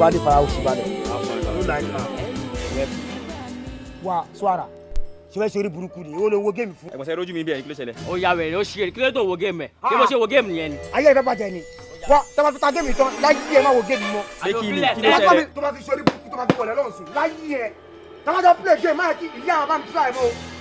Shibade Farawo Shibade. wa suara ṣe fẹ́ ṣe orí burúkú ni o lè wo géèmù fún. ẹ̀gbọ́n sẹ́yìn lójú mi bí ẹ̀yin kí ló ṣẹlẹ̀. ó yà wẹ̀rẹ̀ ó ṣe é kí ló tó wo géèmù ẹ̀ kí ló ṣe wo géèmù nìyẹn ni. ayé ìfẹ́ bàjẹ́ ni wa tó bá fi ta géèmù tán láyé ẹ má wo géèmù mọ́. àyè kí ni kí ṣẹlẹ̀. tó fi ṣe burúkú tó fi wọlé lọ́rùn láyé play game má yẹ kí ìyá àbámu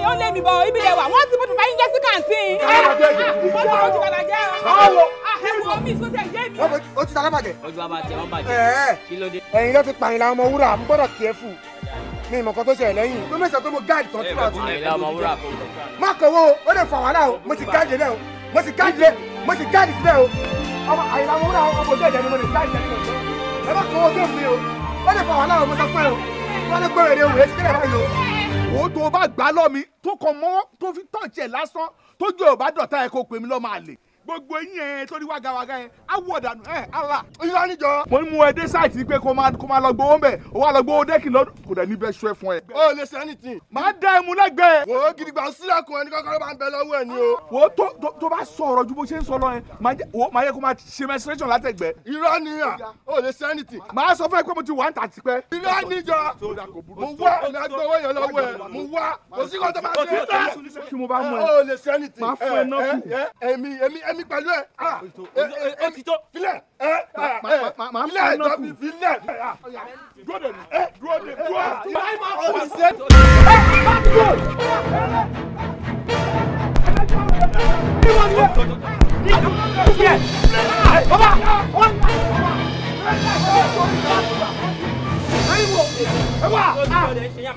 yìí ó lé mi bọ̀ ibi rẹ̀ wọ́n ti bùdù fáyín jẹ́ sí kàǹtín. Ah, ó ti ojú padà ló ti pààyàn làwọn ọmọ wúrà à ń gbọ́dọ̀ tiẹ̀ fù ní ìmọ̀kan tó ṣẹlẹ̀ lẹ́yìn ló mẹ́sàn-án tó mo gáàdì tán tí màá ti má kọ̀wé o ó lè fà wàhálà o mo ti gáàdì lẹ́ mo ti gáàdì lẹ́ mo ti gáàdì sílẹ̀ o ọmọ àyìnlá mo wúra ọmọ òjò ìjẹni mo lè gáàdì lẹ́yìn ẹ má kọ̀wé o gé mi o ó lè fà wàhálà o mo sọ fún ẹ o wọ́n lè gbọ́ èrè òwúrẹ́ sílẹ̀ báyìí o wo tó o bá gbá lọ́ mi tó kàn mọ́ tó fi tọ̀ọ̀tì ẹ̀ lásán tó jẹ́ ò bá dọ̀tá ẹ̀ kó pè mí lọ́ máa lè gbogbo yín ẹ torí wágawàga ẹ awọ dànù ẹ ala. ìyá níjọ. mo ní mú ẹ dé sáìtì pé kó máa kó máa lọ gbowó mbẹ o wa lọ gbowó dẹ́kì lọ́dún kò dẹ̀ níbẹ̀ sọ ẹ fún ẹ. o lè ṣe anything. máa dá ẹmu lẹ́gbẹ̀ẹ́. wò ó gidigba sílẹ̀kùn ẹni kọ́kọ́rọ́ máa ń bẹ lọ́wọ́ ẹ o. wò ó tó tó bá sọ̀rọ̀ ju bó ṣe ń sọ lọ yẹn yẹ kó máa ṣe menstruation látẹ̀gbẹ́. irọ́ ni à èmi pẹ̀lú ẹ. o ah, ti tó. filẹ filẹ jọ filẹ dúró de mi dúró de mi dúró. báyìí máa fọ ìṣe. Ah, ẹ má tó. Baba, one, two, three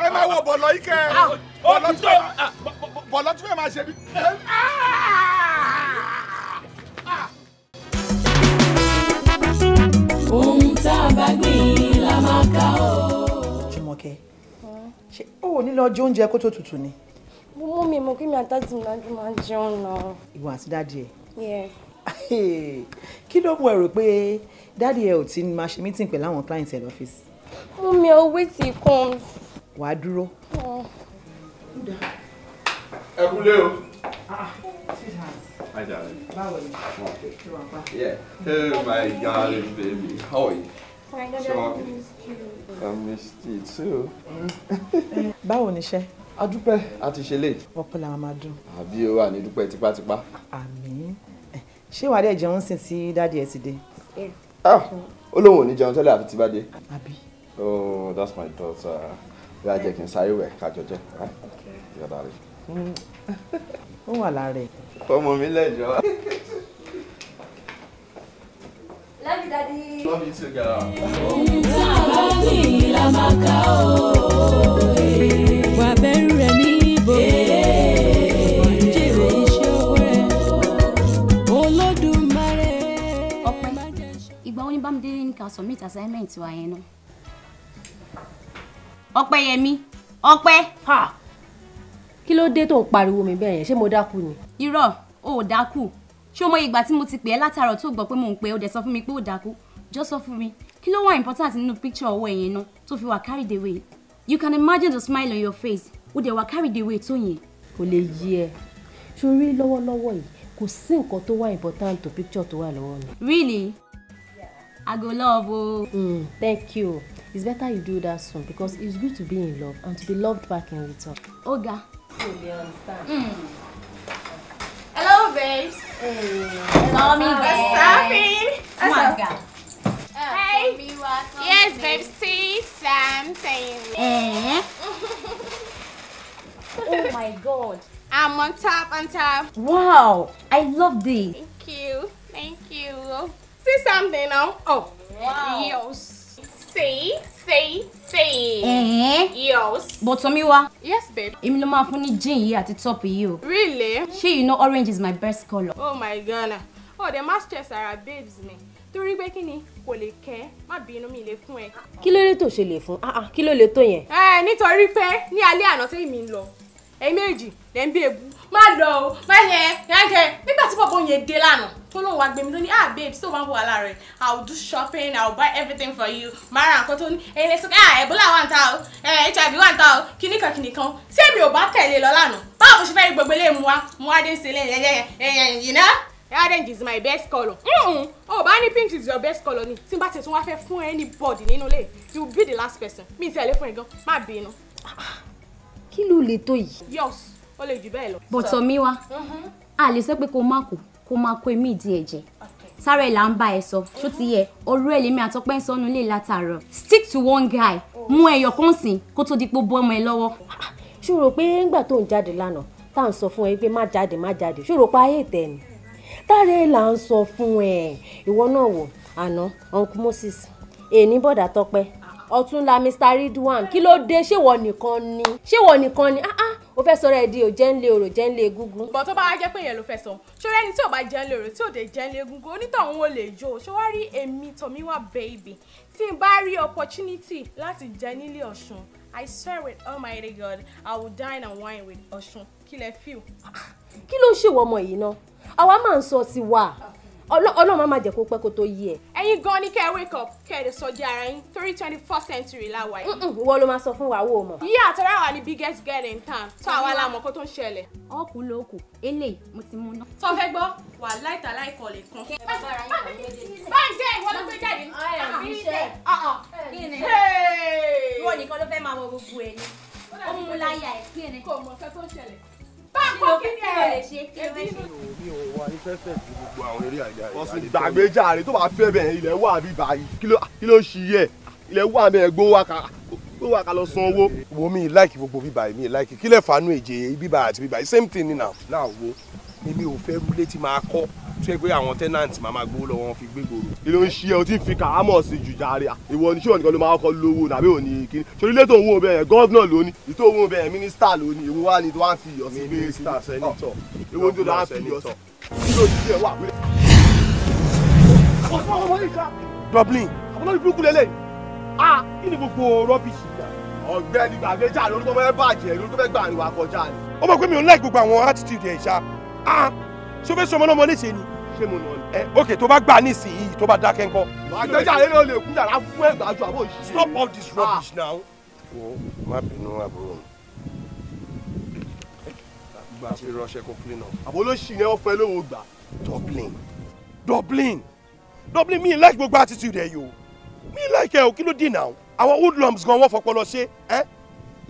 ẹ máa wọ bọ̀lọ̀ yìí kẹ́ ah, bọ̀lọ̀ tó jẹ oúnjẹ kó tó tutù ni. mo mú mi mo kí mi àtàtì mi lájú máa jẹun náà. ìwọ àti dáàdì ẹ. kí ló mú ẹ rò pé dáàdì ẹ ò ti máa ṣe mítìn pẹ̀lú àwọn clients ẹ lọ́fíìsì. mú mi owó ti kún. wàá dúró. Oh. ẹ kúlé o. Ah, Hi darling. Báwo Yeah. Oh my darling baby, how are you? amnesty too. báwo ni iṣẹ́. a dúpẹ́ a ti ṣe late. ọpẹ́ la máa dùn. àbí o wà ní dúpẹ́ tipátipá. àmín eh, ṣé wàá dẹ̀ jẹun sìn tí dáàdi ẹ ti dé. Ah, ó lóun ò ní jẹun tẹ́lẹ̀ àfi tí àbí. oh that's my daughter bí a jẹ kí n sáré wẹ̀ kájọ jẹ yọ̀dà rẹ̀. Mm. ó wà lára ẹ̀. ọmọ mi lẹ́jọ́. Love you, Daddy. submit assignment wa yẹn náà? Ọpẹ́yẹmí, Ọpẹ́. Kí ló dé tó ń pariwo mi bẹ́ẹ̀ yẹn? Ṣé mo dákú ni? Irọ́, o dákú ṣé o mọ ìgbà tí mo ti pè é látàárọ̀ tó gbọ́ pé mo ń pè é ó dẹ̀ sọ fún mi pé ó dákú jọ sọ fún mi kí ló wà important nínú picture ọwọ́ ẹ̀yẹn náà tó fi wà carried away you can imagine the smile on your face ó dẹ̀ wà carried away tó yẹn. kò lè yí ẹ sórí lọ́wọ́lọ́wọ́ yìí kò sí nǹkan tó wà important to picture tó wà lọ́wọ́ mi. really i go love o. Oh. Mm, thank you it's better you do that soon because it's good to be in love and to be loved back in return. oga. you dey understand. Mm. Saw me on, Wasabi. Hey. Yes, babe. See something. oh my god. I'm on top, on top. Wow. I love this. Thank you. Thank you. See something now? Oh. Wow. Yes. See? See? Faye. Eh? Yes. But Tomiwa. Yes, babe. Èmi ló máa fún ní jean yìí àti top yìí o. Really? Ṣé you know orange is my best color? Oh my God. Oh, the masters are babes mi. Torí pé kí ni kò lè kẹ́ má bínú mi lè fún ẹ. Kí ló lè tó ṣe lè fún? Ah, ah, kí ló lè tó yẹn? Ẹ eh, nítorí pé ní alẹ́ àná tẹ́yìn mi ń lọ. Ẹ̀yin méjì lẹ́ ń bí ebu má lọ o má yẹ yẹ nígbà tí bọ̀bọ̀ yẹn dé lánàá tó lóun wá gbé mi tó ní ah babe so bá ń wà rẹ i will do shopping i will buy everything for you máa ra nǹkan tó ní ẹyin lẹsùn ah ebola wà ń ta o hiv eh, wà ń ta o kìnìkan kìnìkan tí èmi ò bá tẹ̀lé lọ lánàá báwo mo ṣe fẹ́ rí gbogbo ilé mu wa mo wá dé ń sele ẹyẹyẹyẹyẹyẹ yìí ná orange is my best colour o bá ní pink is your best colour ni tí n bá ti tún wá fẹ́ fún anybody nínú ilé you be the last person mi ì tẹ̀lé fún ẹ gan má bínú. kí ló lè tó yìí. yọ̀ọ̀sì ó lè jù bẹ́ẹ̀ lọ. bọ̀tọ̀ mi wá mhm. a lè sọ pé kó má kó kó má kó èmi ìdí ẹ̀jẹ̀ sára ẹ̀ là ń bá ẹ sọ mhm. ṣó ti yẹ ọ̀rọ̀ ẹ̀ lèmi àtọ́pẹ́ ń sọnù lè látàárọ̀ stick to one guy oh. mú ẹyọ kan sìn kó tó di pé bọ́ ọmọ ẹ lọ́wọ́. ṣó rò pé ńgbà tó ń jáde lánàá tá à ń sọ fún ẹ pé má jáde má jáde ṣó rò pé ayé ìtẹ́ ni tára là ń sọ fún ẹ ìwọ náà wò àná uncle moses èní bọ̀dà tọ́pẹ́ ọ̀túnla mr ridwan kí ló dé ṣéwọ nìkan ni ṣéwọ nìkan ni ah ah o fẹ́ sọ rẹ̀ di o jẹ́ ń lé orò jẹ́ ń lé egungun. bọ̀ tó bá wá jẹ́ pé yẹn ló fẹ́ sọ ṣọ́rẹ́ ẹni tí ò bá jẹ́ ń lé orò tí ò dé jẹ́ ń egungun onítọ̀hún ò lè jó ṣé wàá èmi Tomiwa baby tí n bá rí opportunity láti jẹ nílé Ọ̀ṣun I swear with Almighty God I will dine and wine with Ọ̀ṣun kí lẹ feel. kí ló ń ṣèwọ ọmọ yìí ná àwa máa ń sọ ti wà ọlọ́run máa jẹ́ kó pẹ́ kó tó yí ẹ. ẹ̀yin gan ni kẹ́ ẹ wake up kẹ́ ẹ lè sọ di ara yín torí twenty first century la wà yìí. ìwọ ló máa sọ fún wa wo mọ. yí àtọ́rọ́ àwa ni biggest girl in town tó àwa la mọ̀ kó tó ń ṣẹlẹ̀. ọkùn ló kù eléyìí mo ti mú ná. tó fẹ́ gbọ́ wà láìta láìkọ lè kan. báńkì ìwọ ló gbé jáde. kí ni ìwọ nìkan ló fẹ́ máa wọ gbogbo ẹ̀ ni ó mú láyà ẹ̀ ọ̀sìn gbàgbéjáre tó bá fẹ́ bẹ̀rẹ̀ ilẹ̀ wà bí báyìí kí ló ṣí yẹ ilẹ̀ wà bẹ́ẹ̀ gbó wà ká lọ san owó. wo mi láìkì gbogbo bíbá mi láìkì kí lè fanú èjè bíbá àti bíbá same thing ni na. láwo èmi ò fẹ́ rú létí máa kọ́ tó yẹ pé àwọn tenant máa máa gbowó lọ́wọ́ wọn fi gbé gbòòrò. ìlú ń o ti fi kàámọ̀ sí jù jàre ìwọ ni ṣéwọ̀n nìkan ló máa kọ́ lówó nàbí òní kíní torí ilé tó ń wo bẹ́ẹ̀ gọ́vnà lónìí ìtò owó bẹ́ẹ̀ mínísítà lónìí ìwọ wá ní tí wọ́n á fi iyọ̀ sí bí mínísítà sẹ́nitọ̀ ìwọ ní tó dáa fi iyọ̀ sí. Dublin àbúrò ìbúkú lélẹ̀ ah kí ni gbogbo rọ́bìṣì ọ̀gbẹ́ni gbàgbéjà ni gbogbo ṣé o fẹ́ sọmọ náà mo léṣe ni ṣé mo nà ọ́ ẹ ok tó bá gbà nísìnyí tó bá dákẹ́ ńkọ́. àgbẹjà yẹn lè kú yàrá fún ẹgbàájú àbò yìí. stop all this rubbish ah. now. wo má bínú àbúrò mi gba fi ránṣẹ́ kó clean up. àbò ló ṣì yẹn ọ̀fẹ́ lówó gbà. Dublin Dublin Dublin mi like gbogbo attitude ẹ yìí o mi like ẹ o kí ló dì náà àwọn hoodlums gan wọ́n fọpọlọ ṣe ẹ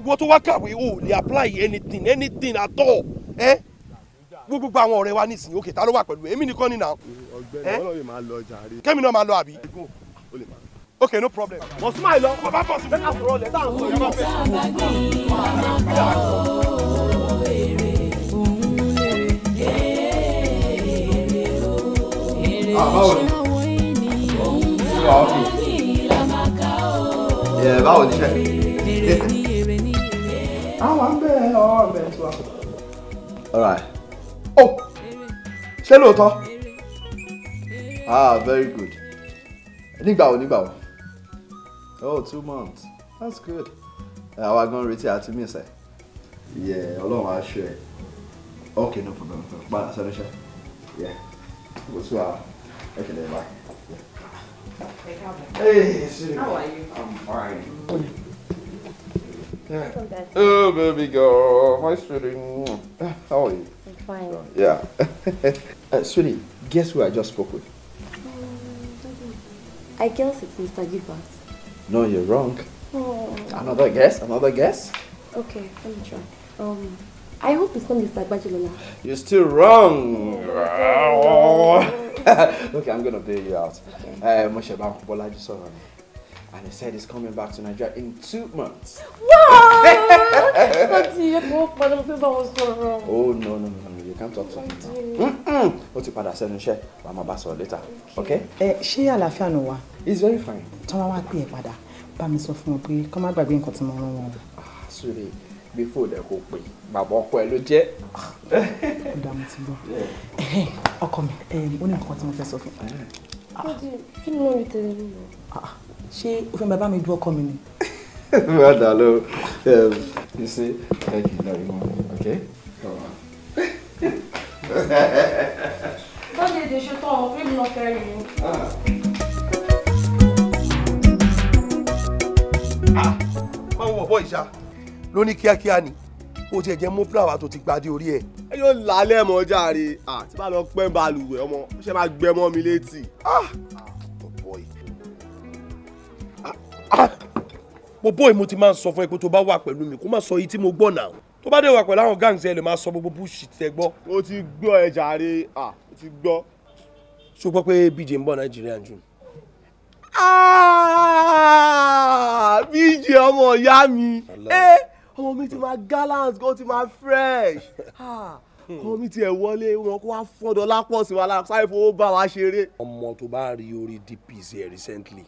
ìwọ tó wá kàwé o lè apply anything anything at all Eh? gbogbo àwọn ọ̀rẹ́ wa nísìnyí òkè ta ló wà pẹ̀lú èmi nìkan ni náà. ọ̀gbẹ́ni eh? Ọlọ́run máa lọ jàre. kẹ́mi náà máa lọ àbí. ok no problem. mo sún máa lọ. bá bọ̀ sí bẹ́ẹ̀ àfọ̀rọ̀ ọ̀lẹ́ tá à ń sọ yọ̀ọ́ fẹ́. báwo ni báwo ni sẹ́yìn. àwọn bẹ́ẹ̀ ọ̀ bẹ́ẹ̀ all right. Oh, ṣé lóòótọ́ ah very good nígbà wo nígbà wo oh two months that's good àwa gan retí àti mí sẹ yẹ Ọlọ́run á ṣe ẹ ok no problem padà sẹ́nu iṣẹ́ yẹ kò tún à ẹ kìlẹ̀ ẹ báyìí. Hey, Siri. How are you? I'm fine. Yeah. Oh, baby girl, my sweetie. How are you? fine. Uh, yeah. uh, Sweetie, guess who I just spoke with? Um, I guess it's Mr. Givas. No, you're wrong. Oh. Another guess? Another guess? Okay, let me try. Um, I hope it's not Mr. Bajilola. You're still wrong. Oh. okay, I'm gonna bail you out. Okay. Uh, Moshe and he said he's coming back to Nigeria in two months. oh no no no no you can't talk to him. What you padà sẹ́nu iṣẹ́ wàá máa bá sọ̀rọ̀ later okay. ẹ eh, ṣé àlàáfíà ló wà. he's very fine. Tomorrow wá pè é padà bá mi sọ fún wọn pé kọ́ má gbàgbé nǹkan tí mo rán wọn. Ah, sùrè bí fòdà kò pè bàbá ọkọ ẹ ló jẹ. Ah, ó dààmú ti gbọ́ eh, ọkọ mi eh, ó ní nǹkan tí mo fẹ́ ṣé o fẹ́ bàbá mi du ọkọ mi ni. má dà lọ um, you see thank you very much. okay. lọ́dẹ̀ èdè ṣe tán ọmọ pé mi lọ fẹ́ rí i. máa ń wọ̀ bọ́ ìṣá ló ní kíákíá ni ó tiẹ̀ jẹ́ mú fúláwà tó ti gbadé orí ẹ̀. ẹ yóò lálẹ́ mọ́ jàre àti ah, bá lọ pẹ́ balùwẹ̀ ọmọ ṣe máa gbẹmọ́ mi létí. Ah, Ah! mo bóyè mo ti máa ń sọ fún ẹ pé tó bá wà pẹ̀lú mi kó má sọ yìí tí mo gbọ́ náà tó bá dé wà pẹ̀lú àwọn gangs ẹ lè máa sọ gbogbo bullshit ẹ gbọ́. o ti gbọ́ ẹ jàre ah o ti gbọ́. ṣó gbọ́ pé bj ń bọ̀ nàìjíríà jù. Ah, bj ọmọ ìyá mi eh, ọmọ mi ti máa gallant kó ti máa fresh ah, ọmọ mi ti ẹ̀ wọlé wọn kó wá fọ́dọ̀ lápọ̀ sí wa lára sáré fowó bá wa ṣeré. ọmọ tó bá rí orí dps ẹ recently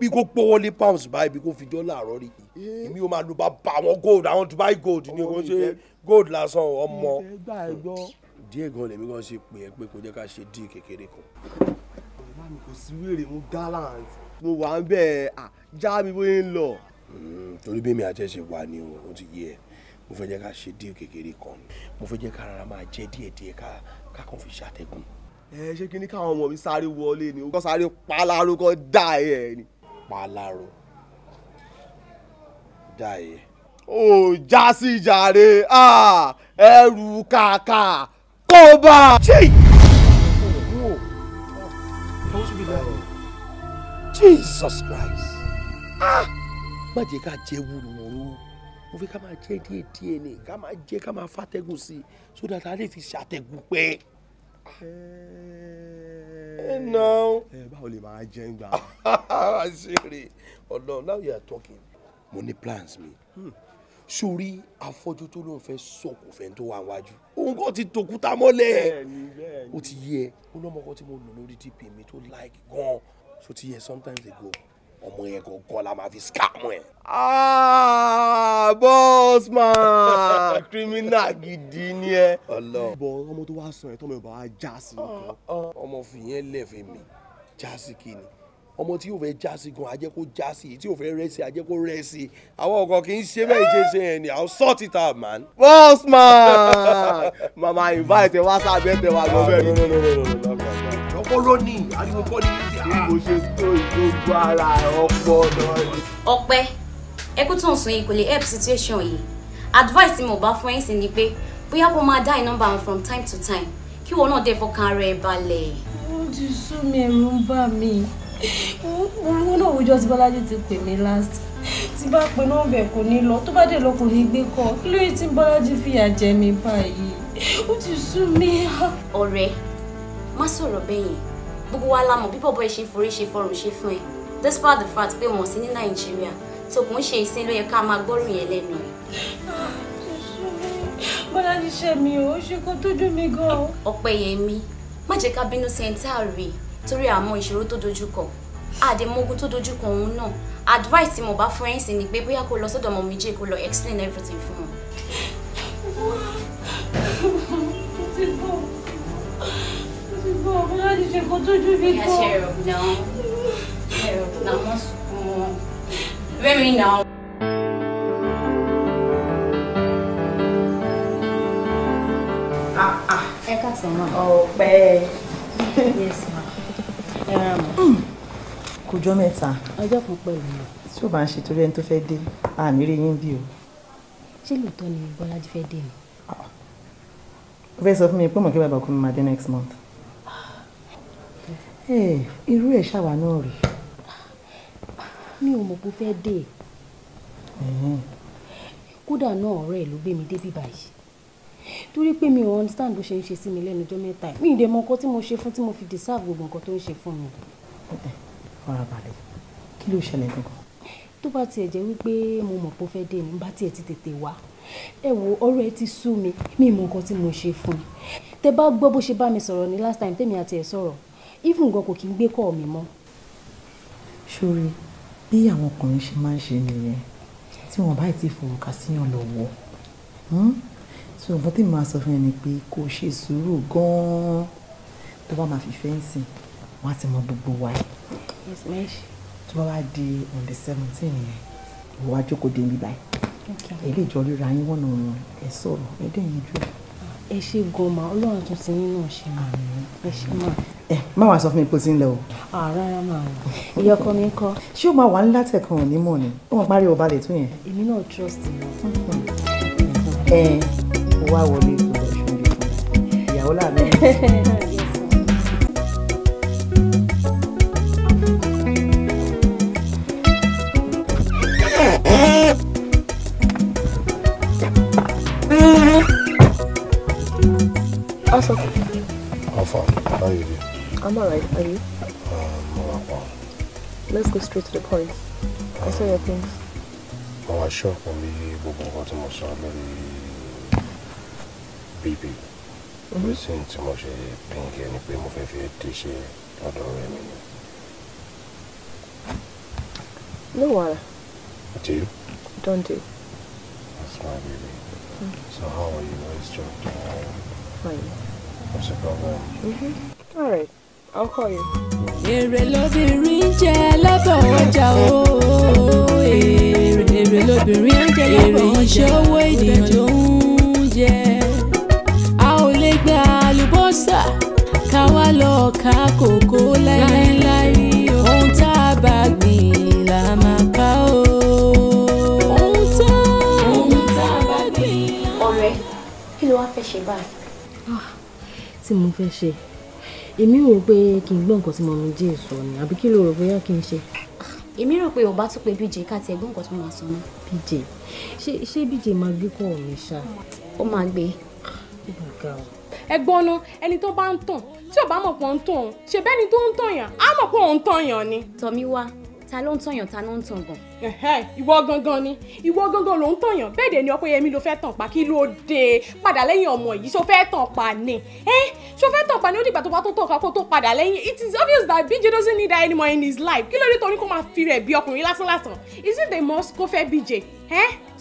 bí kò pówó lé pounds báyìí bí kò fi dọ́là àárọ̀ rí eh? èmi ò máa lò bá àwọn gold àwọn Dubai gold ni kò ṣe gold lásán ọmọ díẹ̀ gan lèmi gan ṣe pè é pé kò jẹ́ ká ṣe díì kékeré kan. bàbá mi kò sí wèrè mo gallant mo wà ń bẹ́ẹ̀ à mi bóyá ń lọ. Hmm, torí bí mi àti ẹ ṣe wà ni o ti yé mo fẹ́ jẹ́ ká ṣe díì kékeré kan mo fẹ́ jẹ́ ká rárá máa jẹ́ díẹ̀díẹ̀ ká kàn fi ṣàtẹ̀gùn ẹ ṣé kí ni káwọn ọmọ mi sáré wọlé ni ó kọ́ sáré pa lárúkọ dá ẹ ni pa aláro jáde. ó já sí jàre ẹrù kàkà kó bá Jesus Christ. Ah! Má jẹ́ ká jẹ́ wúruwúru mo fi ká máa jẹ díẹ̀ díẹ̀ ni ká máa jẹ ká máa fàtẹ́gùn sí i so that a lè fi ṣàtẹ́gùn pẹ́. Eh. Eh, no. ẹ eh, báwo lè máa jẹ ń gbà. àṣírí ọ̀nà now you are talking. mo ní plans mi sórí hmm. afọ́jú tó ló ń fẹ́ sọ̀kò fẹ́ tó wà wájú òun kò ti tòkúta mọ́lẹ̀ ó ti yẹ ó lọ́mọkọ tí mo lò lórí dp mi tó like gan so ti yẹ sometimes ago ọmọ yẹn gangan la máa fi scam ẹ. Ah, boss man criminal gidi ni ẹ. ọlọ bọ ọmọ tó wá sàn ẹ tọmọ ìbá wa já sí ah, nǹkan ah. ọmọ fìyẹn lẹfẹ mi já sí kíni ọmọ tí yóò fẹ́ já sí gan ajẹ́ kó já sí tí yóò fẹ́ rẹ́ sí ajẹ́ kó rẹ́ sí àwọn ọkọ kì í ṣe bẹ́ẹ̀ ṣe ṣe yẹn ni I'll sort it out man. boss man mama invite ẹ wá sábẹ́ tẹ wá lọ bẹ́ẹ̀ ni kọ́rọ́ ni ariwo kọ́ ni. bí mo ṣe tó ìgbógun ara ọpọlọ rẹ. ọpẹ́ ẹkú tó ń sọ yìí kò lè help situation yìí advice tí mo bá fún yín sí ni pé bóyá kó máa dá ìnọ́mbà wọn from time to time kí wọn náà dé fọkàn ara ẹ balẹ̀. wọ́n ti sún mi ẹ̀rù ń bà mí owó náà wùjọ tí bọ́lájí ti pè mí last tí bá pe nọ́ọ̀bù ẹ̀ kò ní lọ tó bá dé lọ kò ní gbé kọ kí ló yẹ tí bọ́lájí fìyà jẹ mi báyìí ó ti sún mi. ọ̀rẹ́ má sọ̀rọ̀ bẹ́yìn gbogbo wa la mọ̀ bí bọ̀bọ̀ ẹ̀ ṣe forí ṣe fọrùn ṣe fún ẹ despite the fact pé wọ́n sí ní nàìjíríà tó kò ń ṣe ìsìn ló yẹ ká máa gbọ́rùn yẹn lẹ́nu. bọ́lá ti ṣe mi ò ṣe kó tó dùn mí gan-an. ọ̀pẹ yẹn mi má jẹ́ ká bínú sẹ́ńtà torí àmọ́ ìṣòro tó dojúkọ àdèmógún tó dojúkọ òun náà advice tí mo bá fún ẹ̀yìn sí ni pé bóyá kó lọ sọ́dọ̀ ọmọ mi jẹ́ kó lọ explain everything fún wọn. Não, a gente ficou tudo Cheryl, não. Cheryl, não, moço. Vem mim, não. Ah, ah. É cação, mano. Oh, pé. Yes, mano. É, mano. meta jọ mẹ́ta. Ọjọ́ kan pẹ̀lú mi. Tí o bá ń ṣe torí ẹni tó fẹ́ dé, àmì rí yín bí o. Ṣé lóòótọ́ ni Bọ́lájí fẹ́ dé ni? Ó ah. fẹ́ sọ fún mi pé mọ̀ kí bàbá kú mi next month. Eh, irú ẹ̀ ṣàwà náà rè. mi ò mọ̀ bó fẹ́ dé kódà náà ọ̀rẹ́ ẹ̀ ló gbé mi débi báyìí torí pé mi ò understand bó ṣe ń ṣe sí mi lẹ́nu ọjọ́ mẹ́ta mi ì dẹ̀ mọ nǹkan tí mo ṣe fún tí mo fi deserve gbogbo nǹkan tó ń ṣe fún mi. Eh, farabalẹ̀ kí ló ṣẹlẹ̀ gangan. tó bá tiẹ̀ jẹ́ wípé mo mọ̀ pé ó fẹ́ dé mi bá tiẹ̀ ti tètè wá ẹ wo ọ̀rọ̀ ẹ ti sú mi mi ì mọ nǹkan tí mo ṣe fún un tẹ bá gbọ́ bó ṣe bá mi sọ̀rọ̀ ní last time tèmi àti ẹ̀ sọ̀rọ̀ even gan kò kí ń gbé kọ́ mi mọ́. ṣòrí bí àwọn ọkùnrin ṣe máa ń ṣe nìyẹn tí wọn bá ti fòrùka síyàn lọ́wọ́ hmm? so nǹkan tí màá sọ fún ẹ ni pé kò ṣe sùúrù gan-an tó bá máa fi fẹ́ǹsì wọn á ti mọ gbogbo wa yìí tó bá wá di on the seventeen yẹn ìwọ wá dé níbí èlé ìjọ ríra yín wọ́n nà ọ̀run ẹ̀ sọ̀rọ̀ dẹ́yìn jù ẹ ṣe gan ma ọlọ́run tún ti nínú ṣe mà ẹ ṣe mà. ẹ má wàá sọ fún mi pé o ti ń lẹ o. rárá màá ní iye ọkọ mi ń kọ. ṣé o máa wà ńlá tẹ̀kan òní mọ̀ ni ó máa pariwo balẹ̀ tó yẹn. èmi náà trust mi. ẹ wá wọlé ìgbọ̀nsẹ̀ ìyàwó láàbẹ̀. Awesome. How far? How are you doing? I'm alright. Are you? Um, not far. Let's go straight to the point. Um, I saw your things. Mo wá ṣọ́ọ̀pù mi gbogbo nǹkan tí mo sọ lórí bp reason mm-hmm. tí mo ṣe pink ẹ ni pé mo fẹ́ fi ètè ṣe lọ́dọ̀ rẹ No one. Do you? Don't do. That's my baby. Mm. So how are you? How is John? fine. That's a problem. Mm-hmm. All right. I'll call you. Èrè lobìnrin ń jẹ lábọ̀ o. Èrè lobìnrin ń jẹ lábọ̀ o. Èrè ìṣe owó ènìyàn ló ń A ò lè gba àlùbọ́sà ká wá lọ ká kòkó láéláé. Ohun tá a bá gbìn là máa ká o. Ohun tá a bá gbìn. Ọ̀rẹ́, kí ló wá fẹ́ ṣe báyìí? tí mo fẹ́ ṣe èmi rò pé kí n gbọ́ nǹkan tí mọ̀mí jẹ́ sọ ni àbí kí ló rò bóyá kí n ṣe. èmi rò pé òbá tún pé bíjè ká tiẹ̀ gbọ́ nǹkan tó máa sọ náà. bíjè ṣé ṣé bíjè máa gbé kọ́ mi ṣá. ó máa gbé. ẹ gbọ́nú ẹni tó bá ń tàn tí ò bá mọ̀ pọ̀ ń tàn ṣe bẹ́ẹ̀ ni tó ń tàn yàn á mọ̀ pọ̀ ń tàn yàn ni. tọ́mí wá ta ló ń tọ̀yàn ta ló ń tàn gan. ìwọ gangan ni ìwọ gangan ló ń tọ̀yàn bẹ́ẹ̀ dẹ̀ ni Ọpẹ́yẹmí ló fẹ́ tàn pa kí ló dé padà lẹ́yìn ọmọ yìí ṣó fẹ́ tàn pa ni ṣó fẹ́ tàn pa ni ó dìgbà tó bá tó tàn ká kó tó padà lẹ́yìn it is obvious that BJ doesn't need her anymore in his life kí ló dé torí kó máa fi rẹ̀ bí ọkùnrin lásán lásán is it the most kó fẹ́ BJ.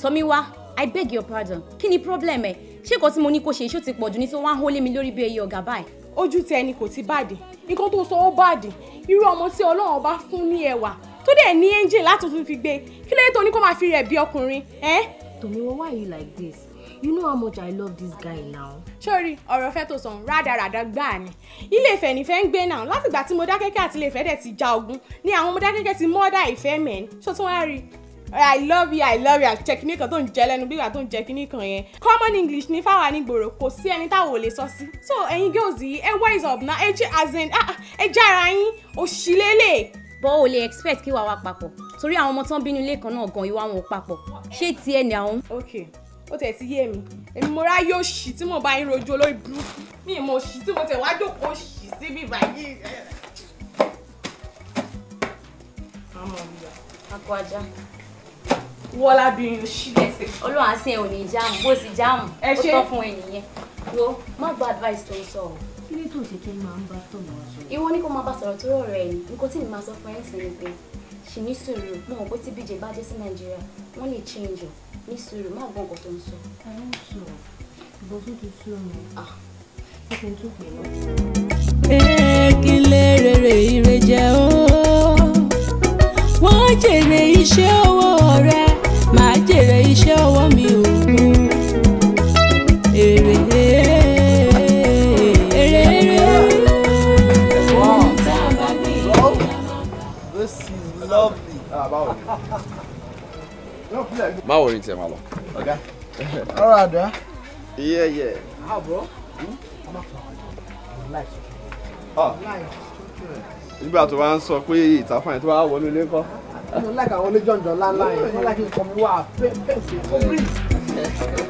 Tọ́míwá I beg your pardon kí ni problem ẹ ṣé nǹkan tí mo ní kó ṣe iṣó ti pọ̀jù ní tí wọ́n á hó lé mi lórí bí ẹyẹ ọ̀gá báyìí. ojú tẹni kò ti bàdé nǹkan tó sọ ó bàdé irú ọmọ tí Ọlọ́run bá fún ní ẹwà tó dẹ̀ ní angel láti tún fi gbé kí lóye tó ní kó máa fi rẹ̀ bí ọkùnrin ẹ́. Tomiwa why you like this you know how much I love this guy now. sori ọ̀rọ̀ fẹ́ tó sọ̀hún rádaràda gbáà ni ilé ìfẹ́ nífẹ̀ ń gbé náà látìgbà tí Modákẹ́kẹ́ àti ilé ìfẹ́ dẹ̀ ti ja ogun ni àwọn Modákẹ́kẹ́ ti mọ́ọ́dà ìfẹ́ mẹ́ni ṣó tún wá rí i i love you i love you àjẹ kìnnì kan tó ń jẹ lẹ́nu bí ìgbà tó ń jẹ kìnnì kan yẹn common english ní fáwa ní gbòòrò kò sí ẹni táwọn ò lè sọ sí. so ẹ̀yin girls yìí ẹ wise up na ẹ jẹ́ as in ah, ah, ẹ jára yín òṣìlélẹ̀ bọ́ ò lè expect kí wàá wà papọ̀ torí àwọn ọmọ tán bínú ilé kan náà gan ìwà wọn ò papọ̀ ṣé tiẹ̀ ni àwọn. ok ó tẹ̀ sí yé mi èmi mo ráyè òṣì tí mo bá ń rojú olórí burúkú mi ì mọ òṣì tí mo tẹ̀ wá jókòó òṣì síbí báyìí. àmọ́ ìyá akọ ajá wọ́lá bírin òṣì lẹ́sẹ̀. olóhùn àṣẹ ò ní jáàmù bó sì jáàmù ó tọ́ fún ènìyàn wo má gba advice tó ń sọ ọ́ kí ló tó ṣe kí n máa ń bá tọ̀nà wá sọ̀rọ̀. ìwọ ni kò máa bá sọ̀rọ̀ tó rọ̀ rẹ̀ ni nǹkan tí mi máa sọ fún ẹ̀ sẹ́ni pé ṣì ní sùúrù mọ̀ pé tí bíjẹ́ bá dé sí nàìjíríà wọ́n lè change ọ̀ ní sùúrù má gbọ́ nǹkan tó ń sọ. ẹ ń sọ ìbọn tó ti sú mi ó ti ń pè lọ. kí rere ire jẹ o wọ́n jèrè iṣẹ́ ọwọ́ rẹ màá jèrè iṣẹ́ ọwọ́ mi o. báwo ni tiẹ̀ máa lọ. ọ̀gá ọ̀rọ̀ Yeah, yeah. iye. bro. nígbà tó wá ń sọ pé ìtafà yẹn tó wá wọnú ilé ńkọ́. mo láìka àwọn oníjọ́njọ́ ńláńlá yẹn mo láìka nǹkan Like wà pẹ́ẹ́pẹ́ẹ́sì fún bíríìsì.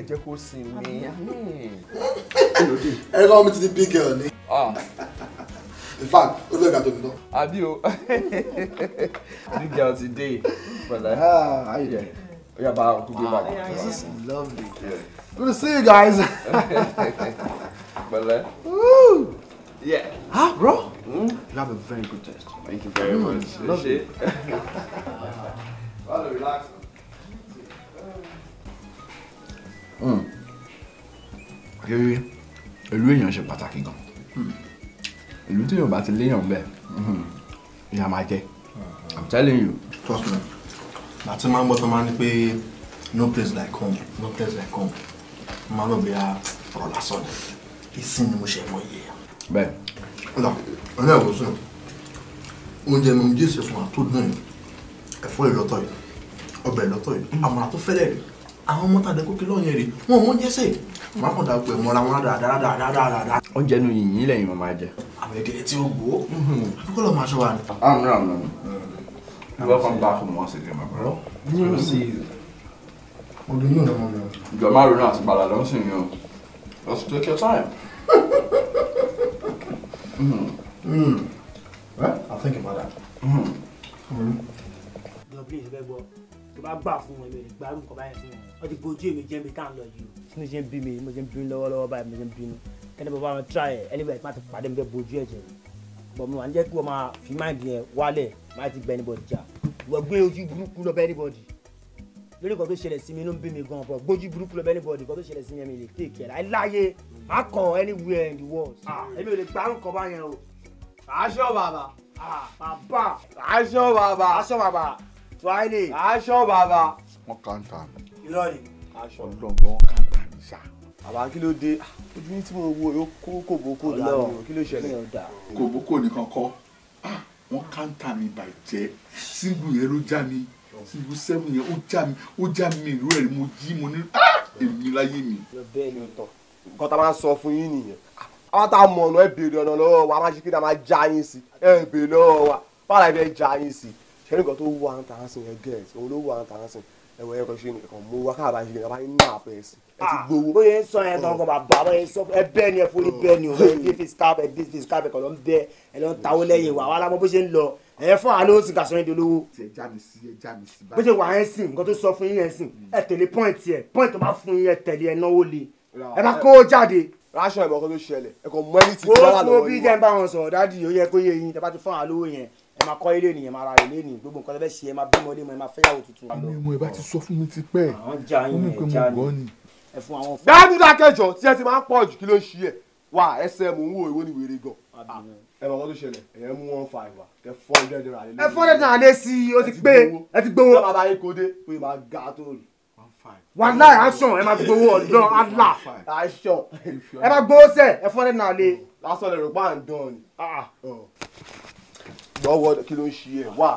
dẹ̀ jẹ́ kó sinmi. Hmm. ẹ̀rọ mi ti di big girl ni. Ah. in fact ó fẹ́ gàtò mi náà. àbí o big girl ti dé pẹ̀lẹ́ uh, ah, ayé rẹ̀ ó yà bá ọkùnrin gbé bàbá. this is lovely yeah. good to see you guys. pẹ̀lẹ́. Uh, yeah. ah bro mm? you have a very good test. thank you very mm, much. love it. well relax. Mm. ṣé ìlú èèyàn ṣe pàtàkì gan mm. ìlú tí yorùbá ti léèyàn bẹ́ẹ̀ ìyá mm-hmm, máa jẹ mm-hmm. i'm telling you. trust me àti máa ń gbọ́ tó máa ń ní pé no place like home no place like home máa ń lọ bí i ọ̀rọ̀ lásán ni ìsìn ni mo ṣe mọ iye. bẹ́ẹ̀. ọ̀la ọ̀la ìwòsàn oúnjẹ mi ò jí ìṣe fún wa tó dùn yìí ẹ̀fọ́ ìlọ́tọ̀ yìí ọbẹ̀ ìlọ́tọ̀ yìí mm. àmàlà tó fẹ́lẹ̀ yìí àwọn ọmọ tàdé kókè lọ́yìn rè wọn ò mọ jẹ́ sè wọn kò dàgbẹ́ mọ́ra wọn dáadáa. oúnjẹ nu yìnyín lẹ́yìn wọn máa jẹ. àwọn èdè tí ó gbó àfikún lọ́ọ́ máa ṣọ́ wa ni. i'm not i'm not. welcome back home once again my brother. you see olùyìn ọmọ mi. ìjọba ronú àti bàlá ló ń sìn o just take your time. mm. Mm. Well, I think about that. Mm. Mm tó bá gbà fún wọn ẹ̀mí gbárùn kọ́ báyìí fún wọn ti gbójú èmi jẹ́ mi tá lọ yìí o. sínú iṣẹ́ bí mi mo ṣe bínú lọ́wọ́lọ́wọ́ báyìí mo ṣe bínú kẹ́ni bàbá wọn tíra ẹ̀ ẹni báyìí má ti pàdé mi fẹ́ bojú ẹ̀jẹ̀ mi bọ̀ mi wà ní jẹ́ kí wọ́n máa fi máa yẹn wálẹ̀ má ti gbẹ anybody jà wọ́n gbé ojú burúkú lọ bẹ́ lórí kan tó ṣẹlẹ̀ sí mi inú ń bí mi gan bọ̀ gbójú burúkú lọ bẹ́ anybody kan tó ṣẹlẹ̀ sí mi ẹ̀mí lè take ẹ̀ láyé má kàn anywhere in the world. èmi ò lè gbárùn kọ́ báyẹn o. aṣọ bàbà. bàbà. aṣọ bàbà. aṣọ bàbà tuwale. aṣọ bàbá. wọn kàn tà mí. irọ́ ni. aṣọ ọlọ́gbọ́n kàn tà mí sá. bàbá kí ló dé ah, ojú yín tí mo wo yóò kó kòbókò dání o kí ló ṣẹlẹ̀. kòbókò nìkan kọ́ ah, wọn kàn tà mí bàjẹ́ single yẹn ló já mi single seven yẹn ó já mi ó já mi ìlú ẹ̀ mo jí mo ní ah, èmi láyé mi. bẹ́ẹ̀ ni o tọ̀ nǹkan tá a máa sọ fún yín nìyẹn àwọn tá a mọ̀ ọ̀nà ẹ̀ béèrè ọ̀nà lọ́wọ́ wa a máa ṣe kí ni a máa já yín sí ẹ̀ béèrè lọ́wọ́ wa báwa la fẹ́ já yín sí ṣẹ́ni kan tó wà ń tàn sìn ẹ gẹ̀ẹ́sì òun ló wà ń tàn sìn ẹ̀wọ̀ ẹ̀kọ́ ṣe nìkan mú wá káàbá ṣe nìkan bá ní àpẹ ẹ̀sìn ẹ ti ah! gbowó. bóyá ń sọ yẹn gangan bàbá bóyá ń sọ ẹ bẹ́ẹ̀ ni ẹ forí bẹ́ẹ̀ ni o ẹ dé face cap ẹ dé face cap ẹ kọ̀ ló ń bẹ ẹ ló ń tawó lẹ́yìn wa wàhálà mọ bó ṣe ń lọ ẹ fún àlọ́ ó sì gà sọ́yìn dolówó. ẹ já mi sí ẹ já mi sí. bó ṣe wà ẹ sìn nǹkan tó sọ fún yín ẹ sìn ẹ tẹ̀lé pọ́ìntì ẹ pọ́ìntì tó bá fún yín ẹ tẹ̀lé ẹ náwó le ẹ bá kó jáde ráṣọ ìmọ̀ kan tó ṣẹlẹ̀ ẹ kàn mọ́ ẹni tí kí wọ́n wà lọ́wọ́ yìí. wo bí jẹ́ ń bá wọn sọ̀rọ̀ dáàdi ó yẹ kó yé yín tẹ́ bá ti fún àlọ́ yẹn ẹ máa kọ́ ilé nìyẹn máa ra ilé nìyẹn gbogbo nǹkan tó fẹ́ ṣe ẹ máa bímọ lé mọ ẹ máa fẹ́yàwó tuntun. àmì ìmọ̀ ẹ bá ti sọ fún mi ti pẹ́ ẹ̀ ó ní pé mo gbọ́ ni. ẹ fún àwọn. dájú dákẹ́jọ tí ẹ ti máa ń pọ̀ jù kí ló ṣí ẹ̀ wá ẹsẹ̀ mò ń wo ìwé ni wèrè gan. ẹ bá wọn tó ṣẹlẹ̀ ẹ̀yẹ mú wọn fa ìwà ẹ fọ́ ẹ̀dẹ̀ dẹ̀ rà lé. ẹ fọ́ ẹ̀dẹ̀ rà lé sí i ó ti pé ẹ ti gbowó. bàbá yín kò dé pé máa ga tó rù wàláì aṣọ ẹ máa gbowó ọdún àlà aṣọ ẹ máa gbowó sẹ ẹ fọ́ ẹ̀dẹ̀ rà lé. lásán lè rò pa à ń dán ni. Ah, ah. Oh lọ́wọ́ kí ló ń ṣe ẹ̀ wá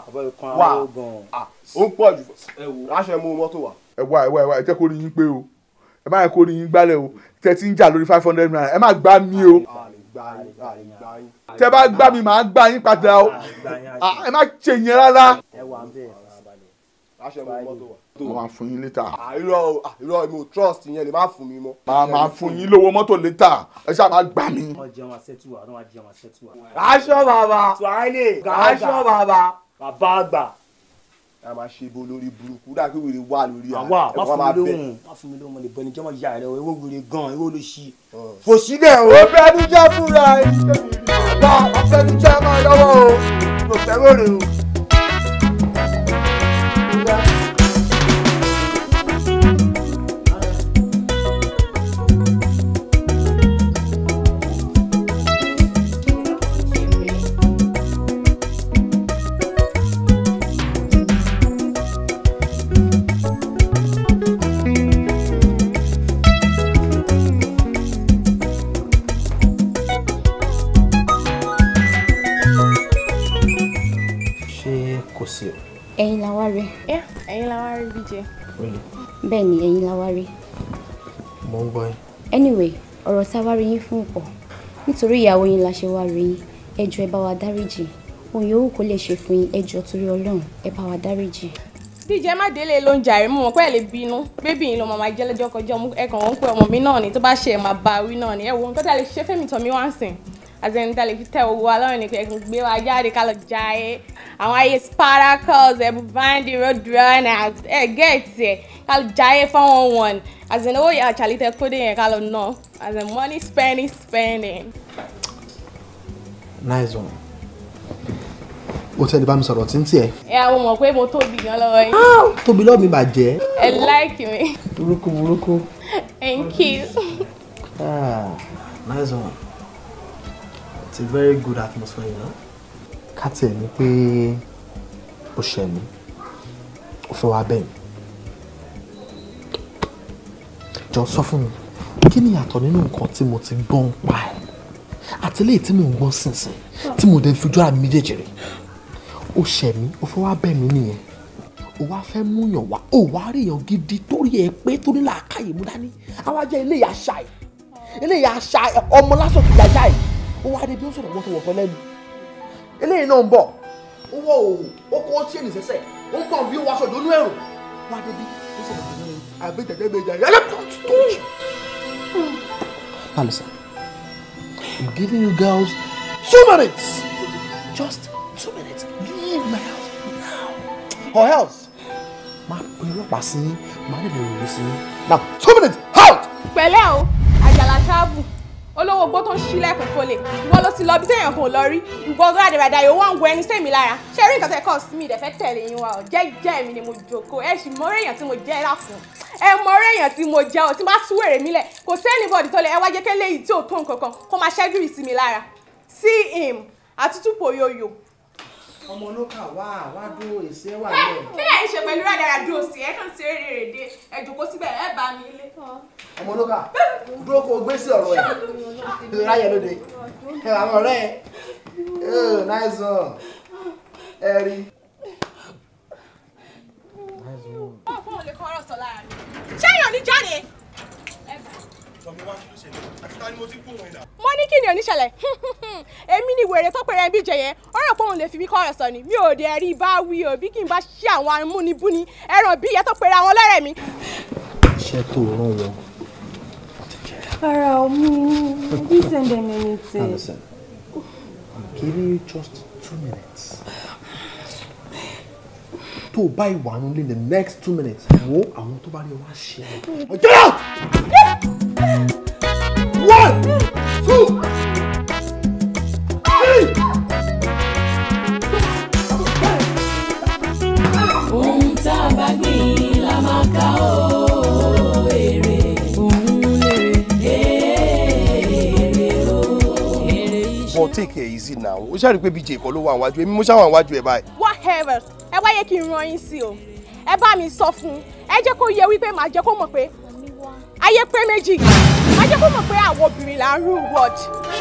wá ó ń pọ̀ jù láṣẹ mú mọ́tò wá. ẹ wá ẹ wá ẹ wá ẹ jẹ́ kó rí yín pé o ẹ má yẹ kó rí yín gbálẹ̀ o tẹ ti ń jà lórí five hundred naira ẹ má gbá mi o tẹ bá gbá mi màá gbá yín padà o ẹ má ṣe yẹn rárá. ẹ wà ń bẹ̀ láṣẹ mú mọ́tò wá mo máa fún yín létà. Ah, irọ́ ah, irọ́ mi ò trust yẹn lè má fún mi mọ́. màá máa fún yín lówó mọ́tò létà ẹ ṣáà máa gbà mí. wọ́n jẹun àṣẹ́tùwà wọ́n jẹun àṣẹ́tùwà. aṣọ bàbá tuwálé aṣọ bàbá bàbá àgbà. a máa ṣe ibo lórí burúkú dáa kí wèrè wà lórí ẹ àwa má fún mi lóhùn má fún mi lóhùn lè bẹni jọmọ ìyá rẹ ewé wèrè gan ewé ló ṣí. fòṣì dẹ o. ó bẹ́ẹ̀ ní jẹ́ fúnra ẹ̀ ṣe é. bá a fẹ́ ní jẹ́ máa lọ́wọ́ o. kò fẹ́ wèrè bẹ́ẹ̀ ni ẹ̀yin la wá rí. mo ń gbọ́ yín. anyway ọ̀rọ̀ tá a wá rí yín fún pọ̀ nítorí ìyàwó yín la ṣe wá rí yín ẹ jọ̀ọ́ ẹ bá wa dáríjì òun yòówù kó lè ṣe fún yín ẹ jọ̀ọ́ torí Ọlọ́run ẹ bá wa dáríjì. díje má délé ló ń jàre mú wọn pé ẹ lè bínú bébì yín ló máa jẹ́ lọ́jọ́ kọjọ́ ẹ̀kan wọn pé ọmọ mi náà ni tó bá ṣe ẹ̀ máa bá wí náà ni ẹ wo nǹkan tá a lè ṣe fẹ́mi tọ́ mi wá ń sìn azẹ́nitá lè fi tẹ́ owó wa lọ́rùn ní pé ẹ̀kún gbé wa jáde ká lọ jayé àwọn ayé sparkles ẹ̀bù vandi road runners ẹ̀ gẹ̀ẹ́tì ẹ̀ ká lọ jayé one. wọn azẹ́n owó yà àtsàlí tẹ kó dé yẹn ká lọ nọ azẹ́n money spending spending. nice one o tẹ́lẹ̀ bá mi sọ̀rọ̀ tí ń tiẹ̀. ẹ eh, àwọn mọ̀ pé mo tóbi gan lọ́wọ́ yín. Ah! tóbi lọ́ọ̀ mi bàjẹ́. ẹ láìkì mi. burúkú burúkú. thank you. ah nice one. It's a very good atmosphere, you know. Ká tiẹ̀ ní pé ó ṣẹ̀ mí, ó fẹ́ wá bẹ̀ mí. Jọ sọ mi, kí ni ìyàtọ̀ nínú nǹkan tí mo ti gbọ́ ń pa ẹ̀? Àti eléyìí tí mò ń gbọ́ sínsìn, tí mo dẹ̀ fi ojú àmì méjèèjì rè. Ó ṣẹ̀ mí, ó fẹ́ wá bẹ̀ mí nìyẹn. Ó wá fẹ́ múyàn wá, ó wá rí èèyàn gidi torí ẹ pé torí làákàyè mú dání. Àwọn ajá ilé ìyá ṣáì, ilé ìyá ṣáì, ọmọ lásòkè ìyá ṣáì ó wá débi ó sọ̀rọ̀ wọ́n tó wọ̀ kan lẹ́nu eléyìí náà ń bọ̀ ó wọ òwò ó kó ṣé ní sẹ́sẹ̀ ó ń pọ̀n bí ó waṣọ ìdónú ẹ̀rùn wá débi ó sọ̀rọ̀ kan lẹ́nu àbí tẹ̀tẹ̀ gbèjà yálẹ̀ tó. Alisa, I'm giving you girls two minutes just two minutes leave my house now or else máa pe ọlọ́pàá sí yín máa lè bẹ̀rù yín sí yín now two minutes out. pẹ̀lẹ́ o àjàlá ṣáàbù olówó gbó tó ń ṣílẹ̀kùn fọlẹ̀ ìwọ ló ti lọ bí téèyàn kan ò lọ rí ìwọ ọgọ́ àdèrèdà yòówó àwọn ògùn ẹni sẹ́mi lára ṣé rí nǹkan tẹ́ kọ́ sí mi ìdẹ̀fẹ́ tẹ̀lé yín wa ọ̀ jẹ́jẹ́ mi ni mo jòkó ẹ sì mọ èèyàn tí mo jẹ́ láfún ẹ mọ èèyàn tí mo jẹ́ ọ tí má tú wèrè mi lẹ̀ kò sẹ́ni bọ̀dì tó lè ẹ wá jẹ́ kẹ́lẹ́ yìí tí ò tó nǹkan kan kó máa ṣẹ́jú ìsinmi lára sí him àtútù pòyoyo ọmọ olóka wá wá dúró èsì ẹ wà lẹ. kí lẹ́yìn ṣe pẹ̀lú rádàrà dúró sí ẹ kàn sí eré rèdè ẹ jókòó síbẹ̀ ẹ bá mi lé. ọmọ olóka dúró kó o gbé sí ọ̀rọ̀ ẹ̀ ráyẹ lóde ẹ àwọn ọ̀rẹ́ ẹ nice one ẹ rí. ṣé èèyàn ní jáde mo ní kí ni oníṣẹ̀lẹ̀ èmi ni wèrè tó pèrè ẹbí jẹ yẹn ó lè fi mí kọ́ ọ̀rọ̀ sọ ni mi ò dé rí bá wí o bí kí n bá ṣí àwọn amúnibúni ẹran bí ìyẹn tó pèrè àwọn ọlọ́rẹ̀ mi. iṣẹ́ tó rán wọn. ara omi bí send them anything. Anderson, you just two minutes tó o bá ìwà nínú lé the next two minutes wo àwọn tó bá rí ọ wá ṣe é. get out one two three. ohun tá a bá gbìn la máa ká o. take it easy now ó ṣàrí pé bíjì ìkọ́ ló wà wájú èmi mo ṣàwọn wájú ẹ̀ báyìí. whatever ẹ wáyé kí n ran yín sí o ẹ bá mi sọ fún un ẹ jẹ́ kó yẹ wípé màá jẹ́ kó mọ̀ pé ayé pé méjì màá jẹ́ kó mọ̀ pé àwọn obìnrin là ń rule world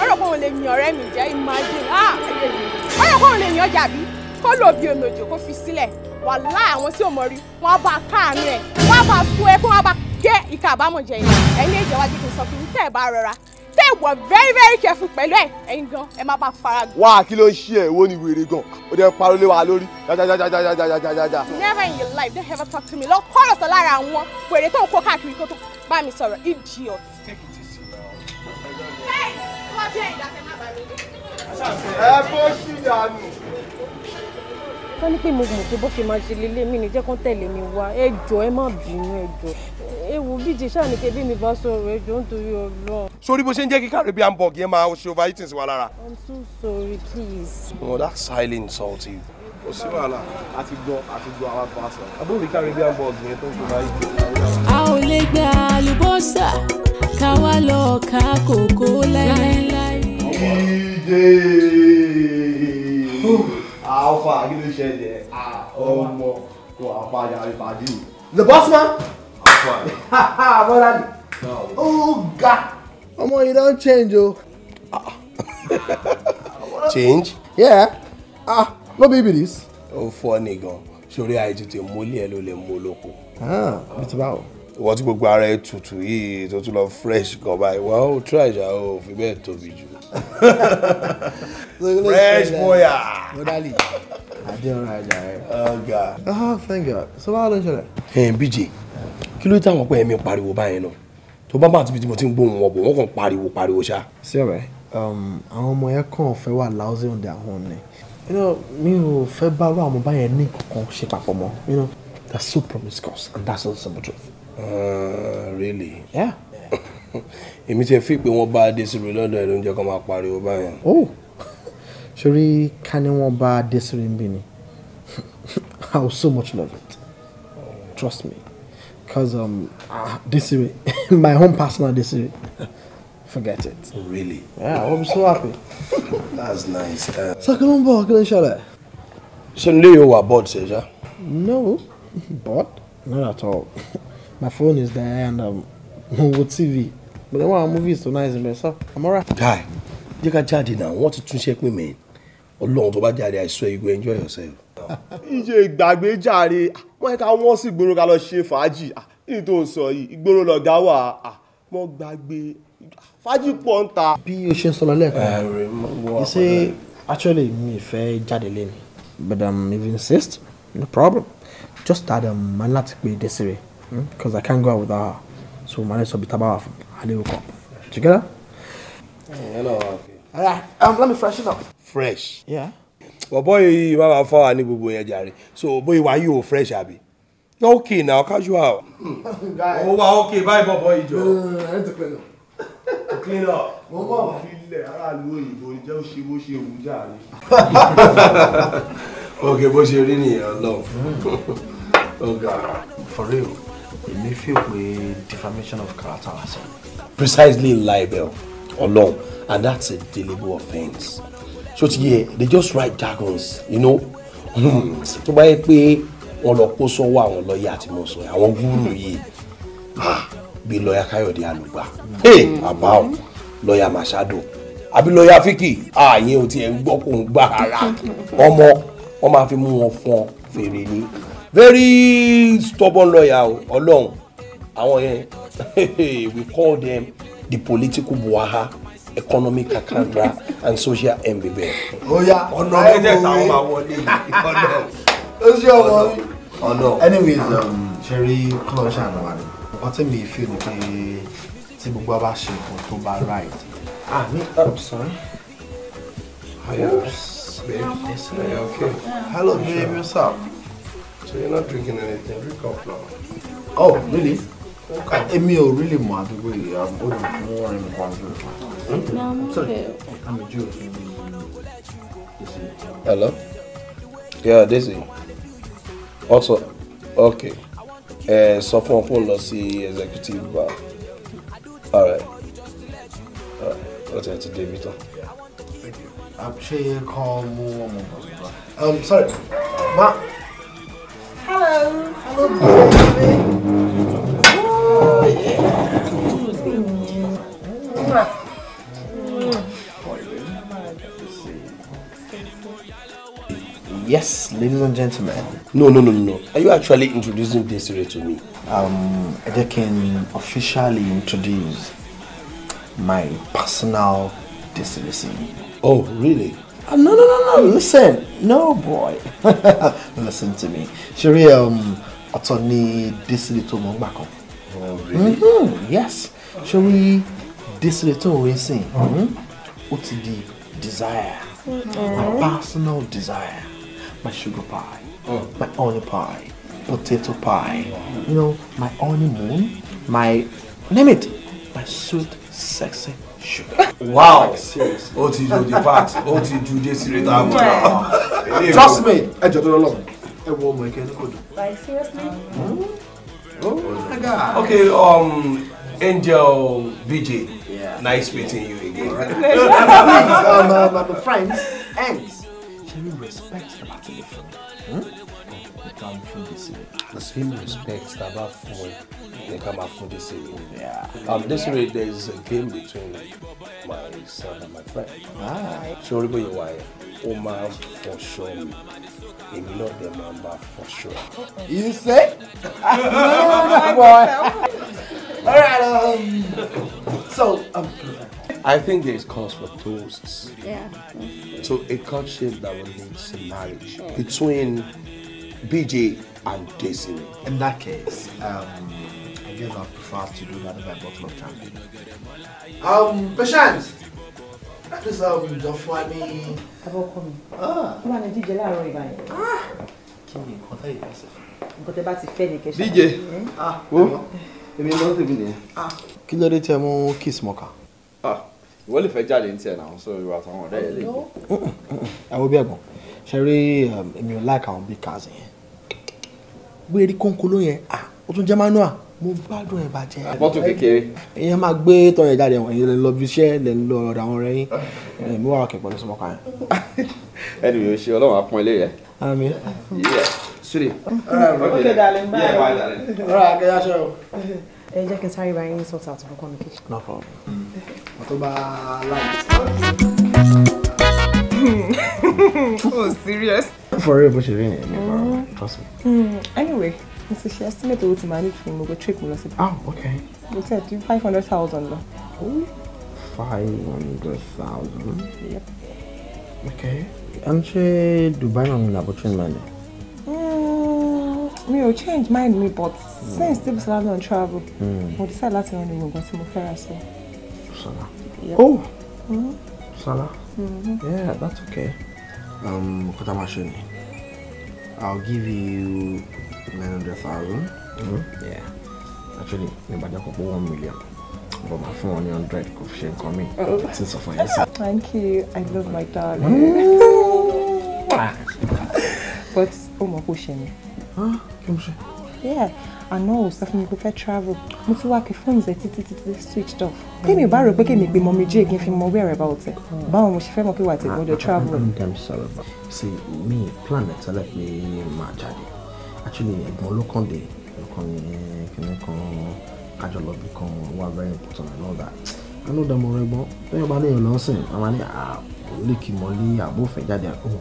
ọ̀rọ̀ kò lè yàn ọ̀rẹ́ mi jẹ́ imagine ah ayé mi ọ̀rọ̀ kò lè yàn jàbí kó lò bí onòjò kó fi sílẹ̀ wàhálà àwọn tí ò mọ̀ rí wọn á bá káàánú ẹ̀ wọn á bá fún ẹ kó wọn á bá gé ìka àbámọ̀ jẹ̀yìn ẹ̀yin èjẹ̀ wájú kò sọ fún mi tẹ́ ẹ bá rọra stay were very very careful pẹ̀lú ẹ̀ ẹ̀yin gan ẹ má bá fara. wá kí ló ń ṣe ẹ wo ni wèrè gan o jẹ parọ́ lé wa lórí jajajajajajajaja. never in your life don't ever talk to me lọ kọ́rọ̀ sọ lára àwọn wèrè tó ń kó káàkiri kó tó bá mi sọ̀rọ̀ idiot. ẹ bó ṣì dànù. ká ní pé mo mọ̀ pé bó ṣe máa ṣe lélẹ̀ mi ní jẹ́ kán tẹ̀lé mi wá ẹ jọ̀ọ́ ẹ má bínú ẹ jọ̀ọ́ ẹ wò bíje ṣáà ní kébí mi bá sọ̀rọ̀ ẹ jọ̀ọ́ nítorí Ọlọ́run sórí bó ṣe ń jẹ́ kí caribbean bug yẹn máa ṣe overeating sí wa lára. i'm so sorry please. no oh, that silent insult you. kò sí wàhálà àti gbọ́ àti gbọ́ àwọn pàṣẹ. àbúrò caribbean bug yẹn tó ń fi máa yí. a ò lè gba àlùbọ́sà ká wá lọ ká kòkó láéláé. díje alpha kí ló ṣẹlẹ̀ ọmọ kò àpáyà ìpàdé. the boss man. alpha. bọ́lá mi. Oh God. I'm Omo, you don't change, oh. change? Yeah. Ah, no baby this. Oh, funny gan. Sori ayé e ah, ti tẹ mólé ẹ ló lè mú olóko. Ah, bí ti báwo? Ìwọ tí gbogbo ara ẹ e tutù yìí tó tún lọ fresh gan báyìí, wà ó try ìjà ó fi bẹ́ẹ̀ tóbi jù. fresh boya. Mọ́dálì, adé ọ̀rọ̀ ajá Oh God. Oh, thank God. So báwo ló ń ṣẹlẹ̀? Ẹ̀ ń bíje, kí ló táwọn pé ẹ̀mí pariwo báyẹn náà? tó bá bá àti bìtìmọ̀ tí ń gbóhùn wọn bò wọ́n kàn pariwo pariwo ṣá. sí ọ̀rẹ́ um, àwọn ọmọ yẹn kàn fẹ́ wà láwùsí òde àwọn ni mi ò fẹ́ bá wà àwọn báyẹn ní kankan ṣe papọ̀ mọ́ you know that's so promiscuous and that's also the truth. Uh, really. yeah. èmi ti ẹ fi pé wọ́n bá adésirè lọ́dọ̀ ẹ̀ ló ń jẹ́ kó máa pariwo báyẹn. oh sori ká ní wọ́n bá adésirè ń bí ni i will so much love it trust me. Because um, ah, this way, my home personal this way, forget it. Oh, really? Yeah, I'm so happy. That's nice. Uh, so come on board, can I share that? So now you were bored, Seja? No, bored? Not at all. my phone is there and um, with TV. But then one movie is so nice in and so I'm right? Guy, you can charge it now. Want to check with me? Ọlọ́run tó bá jáde, I swear you go enjoy yourself. Ìjọ ìgbàgbé jàre wọ́n yẹ ká wọ́n sí ìgboro ká lọ ṣe fàájì yìí ah, tó ń sọ yìí ìgboro lọ̀gá wà ah, wọ́n gbàgbé ah, fàájì pọ̀ ń ta. bí o ṣe ń sọ lọ́lẹ́ẹ̀kan eh, you say actually mi fẹ́ jáde lẹ́nu but I'm even insist no problem just that um, man láti pe Desiree hmm? I can't go out without her so man let's be tabawa from. alewokọ together. Hey, eh, hello. Okay. All right, um, let me freshen up. Fresh. Yeah bọ̀bọ́ yìí má máa fọ́ wa ní gbogbo yẹn jàre so bóyá wàá yìí fresh àbí okay now casual ó oh, wà okay báyìí bọ̀bọ́ yìí jọ clean up mo máa fi ilẹ̀ aráàlú òyìnbó jẹ́ ó ṣe bó ṣe wù jàre. ok bó ṣe rí nìyẹn Ọlọ́run mm. oh, for real èmi feel pé defamation of character precisely libel Ọlọ́run and that's a deliberate offence so ti yẹ they just write jargons you know hmm. tó bá yẹ pé wọn lọ kó sọ́wọ́ àwọn lọ́ọ̀yà àti mọ̀ọ́sọ àwọn gúrú yìí ah, bí lọ́ọ̀yà káyọ̀dé àlùgbà àbá ọ̀ lọ́ọ̀yà machado àbí lọ́ọ̀yà fíkì ààyè ah, ò tiẹ̀ ń gbọ́ kó ń gbà rárá ọmọ wọn máa fi mú wọn fún ọ fèrè ni very stubborn lawyer ọlọ́run àwọn yẹn we call them the political buhaha economic kakandra and social mbebe. oya ọ̀nà ọ̀wọ́wé ọ̀nà oṣù ọmọ mi. ọ̀nà anyways um, ṣe rí kọ́lọ́ṣà náà wà ní nǹkan tí mi fi ni pé tí gbogbo bá ṣe nǹkan tó bá right. ah ní herbs sàn. herbs babe are okay. hello babe yourself. so you're not drinking anything drink up now. oh really. Èmi ò rí lè àdúgbò yìí, àwọn olùkọ́ wọn rìn nǹkan hmm? ọdún. Hello? Yeah, Daisy. What's up? Okay. Uh, sọ fún ọ kó lọ sí executive bar. All right. All right. Ó ti ẹ̀ ti tán. Ṣé kan mú ọmọ bàbá? Um, sorry. Ma. Hello. Hello, Yes, ladies and gentlemen. No, no, no, no. Are you actually introducing Desiree to me? Um, I can officially introduce my personal Desiree. Oh, really? Oh, no, no, no, no. Listen. No, boy. Listen to me. Sherry, um, Attorney Desiree Tomongbakan. Oh, really? Mm-hmm. Yes. Ṣé wí Désiré tó ń sìn? Ó ti di desire. Mm-hmm. My personal desire. My sugar pie. Oh. My honey pie. Potato pie. You know, my honeymoon. My, name it, my sweet, sexy sugar. wow o ti do the part o ti do Desire ta mu na. trust me ẹ jọ tó lọ lọ ẹ wo ọmọ ẹkẹ ní kò dùn. Oh my God. Okay, um, Angel BJ. Yeah. Nice meeting you again. All right. Please, um, um, uh, my friends, ends. Shall we respect the battle different? Hmm? come through this way. The same respect that about food, they come out through this way. Yeah. Um, this way there's a game between my son and my friend. Ah. Sure, you why. Oma for sure èmi náà not máa for sure. you say? no no boy. all right um, so um, I think there is cause for toasts. Yeah. So a courtship that will lead to marriage between BJ and Desiree. In that case, um, I guess I prefer to do that by bottle of champagne. Um, Bashant! àtúnṣe àwọn olùjọ fún wa ní. me. mi kí ah. come ní díje láàárọ̀ ìgbà yẹn. Ah. kí ni nǹkan táyé bá sọ fún mi. nǹkan tẹ bá ti fẹ́ ni kẹsàn-án. díje wo ah, èmi ló ń tèmi nìyẹn. kí ló dé tẹ mú kiss mọ́ka. ìwọ lè fẹ́ jáde ní tiẹ̀ náà sọ ìwà àtàwọn ọ̀rẹ́ yẹn lè gbé. àwọn bí ẹ̀gbọ́n ṣe rí um, èmi ò láìka àwọn bíi kazin yẹn wéèrí kónkolo yẹn ó tún jẹ́ manual mo gbádùn ẹ̀ bàjẹ́. kékeré. ìyẹn máa gbé tọ́ yẹn jáde ẹ̀yìn lè lọ bí iṣẹ́ lè lọ ọ̀dọ̀ àwọn ọ̀rẹ́ yín mi wà ọ̀kẹ́ pẹ̀lú sọmọkà yẹn. ẹni mi ò ṣe ọlọ́run á ilé rẹ̀. àmín. sùdì. ọkẹ́ dàlẹ́ ń bá yẹn. ọ̀rọ̀ àkẹ́yà ṣe o. ẹ jẹ́ kí n sáré bá yín sọ̀tà àtúntò kọ́ni kí. no problem. ọ̀tọ́ bá láì oh serious. for bó ṣe rí nìyẹn nípa mm. trust me. Mm, anyway mo ti ṣe estimate owó tí màá need fún mi gbogbo trip mi lọ síbi. ah ok. mo tẹ̀ dín five hundred thousand lọ. five hundred thousand. ok. à ń ṣe Dubai náà ní laboratory náà ni. mi ò change mind mi but mm. since tí Bùsọ́lá náà travel mo hmm. decide láti rán ní gbogbo tí mo fẹ́ ra sí. Bùsọ́lá. oh Bùsọ́lá. Mm -hmm. Mm-hmm. yeah that's okay. Um, kọ́tà máa ṣe ni. I'll give you 900,000. Mm-hmm. Yeah. Actually, I'm about to 1 million. But my phone on dread coefficient coming. Oh. It's so funny. Thank you. I love my dog. but, oh my gosh. Huh? Kí ló yeah àná ò sọ fún mi pé fẹ́ travel mo ti wá kí fóònù ẹ títí títí switched off tèmi ò bá rò pé kèmi gbé mọ́mí jẹ́ kí n fi mọ wẹ́rẹ̀ bá ọ̀tẹ̀ báwo mo ṣe fẹ́ mọ̀ kí wà á ti ah, gbọ́dọ̀ travel. i'm sorry but see me plan ẹ tẹ́lẹ̀ pé máa jáde actually ẹ̀gbọ́n olókàn dé olókàn yẹn eh, kìnnìún kan kájọ lọ bí kan wà very important and all that i know that mo rẹ gbọ́n lẹ́yìn ọba lẹ́yìn lọ́sìn àwọn ní àlékì ah, mọ́lé àbófẹ́ jáde àkóhùn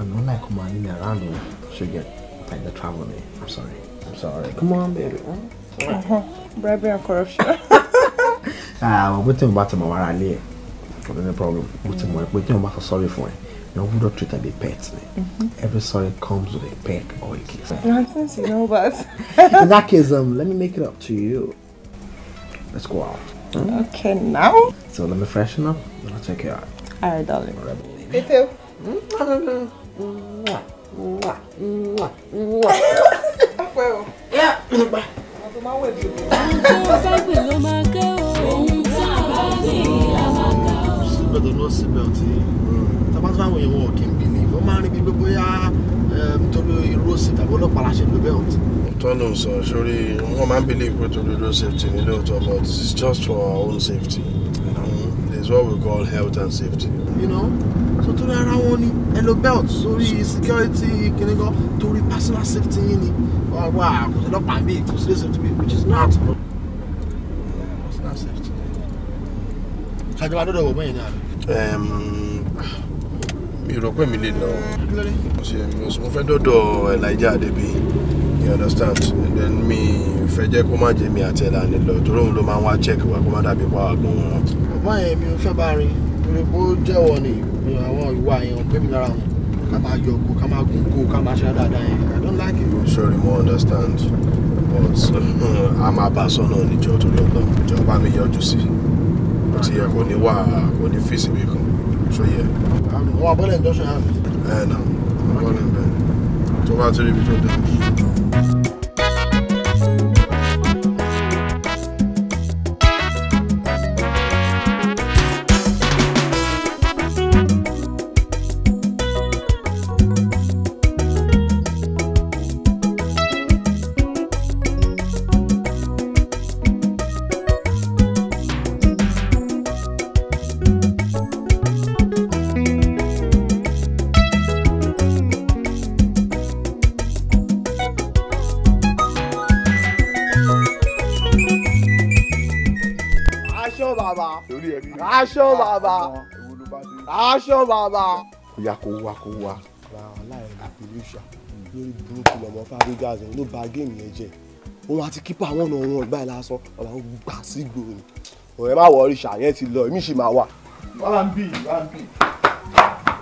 àná láìkó máa nílẹ̀ around o ṣe get like the travel there i'm sorry. I'm sorry. Come on, baby. Uh-huh. Bribery and corruption. Ah, wọ́n gbẹ́tẹ̀ mi about tẹ̀ mọ́ wàrà lé ẹ̀. problem. Mo ti mọ̀ about pé tí wọ́n bá sọ sọ́rí fún ẹ, treat them be pets. Mm-hmm. Every sorry comes with a pet or a kiss. Nonsense, you know that. In that case, um, let me make it up to you. Let's go out. Hmm? Okay, now. So let me freshen up, and I'll take care of it. All right, darling. All right, you too. Mwah, mwah, pẹ́ o. yá mi nípa. àwọn tó máa ń wẹ̀ bí obìnrin. ohun tó bá gbè ló máa kẹ́ o. ohun tá a bá ní ìlà máa kà o. síbẹ̀dọ̀ lọ síbẹ̀ ọtí tábà tó àwọn èèyàn kì í bí ní ìfọ́ máa ń rí bí gbogbo yá eh, nítorí irú òsì tàbí ọlọ́pàá la ṣe ló bẹ́ẹ̀ ọtí. tó ló ń sọ sórí wọn máa ń believe pé torí road safety nílé òótọ́ but it's just for our own safety you know? it's what we call health and safety. You know? so torí ara wọn ni ẹ lo belt sórí security kìnìkan torí personal safety yín ni wà kò sí ọlọ́pàá mi kò sí safety mi which is not personal safety. ṣàjọba dọ́dọ̀ wọ̀ bẹ́yẹn ní àná. mi rò pé mi lè lọ mo fẹ́ dọ́dọ̀ Elijah Adebi you understand and then mi fẹ́ jẹ́ kó má jẹ́ mi àti ẹ̀ là ń lọ torí òun ló máa ń wá check wa kó má dàbí pa àgbọ̀n wọn. ọ̀gbọ́n yẹn mi ò fẹ́ bá rin torí pé ó jẹ́wọ́ ni àwọn ìwà yẹn pé mi lára wọn ká máa yọ ọkọ ká máa gùn kó ká máa ṣe dáadáa yẹn I don't like it. sorry mo understand but a máa bá a sọ náà níjọ torí Ọlọ́run ìjọba mi yọjú sí kò ti yẹ kò ní wà kò ní fèsì bí kan ṣó yẹ. àwọn abọ́lẹ̀ ń dọ́ṣọ́ yàrá. ẹ eh, nà àwọn abọ́lẹ̀ ń bẹ̀ tó bá ti rí ibi tó dé. bàbá aṣọ bàbá. ìyá kò wá kò wá. ara aláìní pẹ̀lú ìṣà lórí burúkú lọ́mọ fábígàs ló ba géèmù yẹn jẹ òun àti kípa àwọn ọ̀nà òun ọ̀gbá ẹ̀ lásán ọ̀là ó gbà sí gbòòrò ọ̀rẹ́ má wọ ìṣà yẹn ti lọ èmi sì máa wà. wàá ń bì wàá ń bì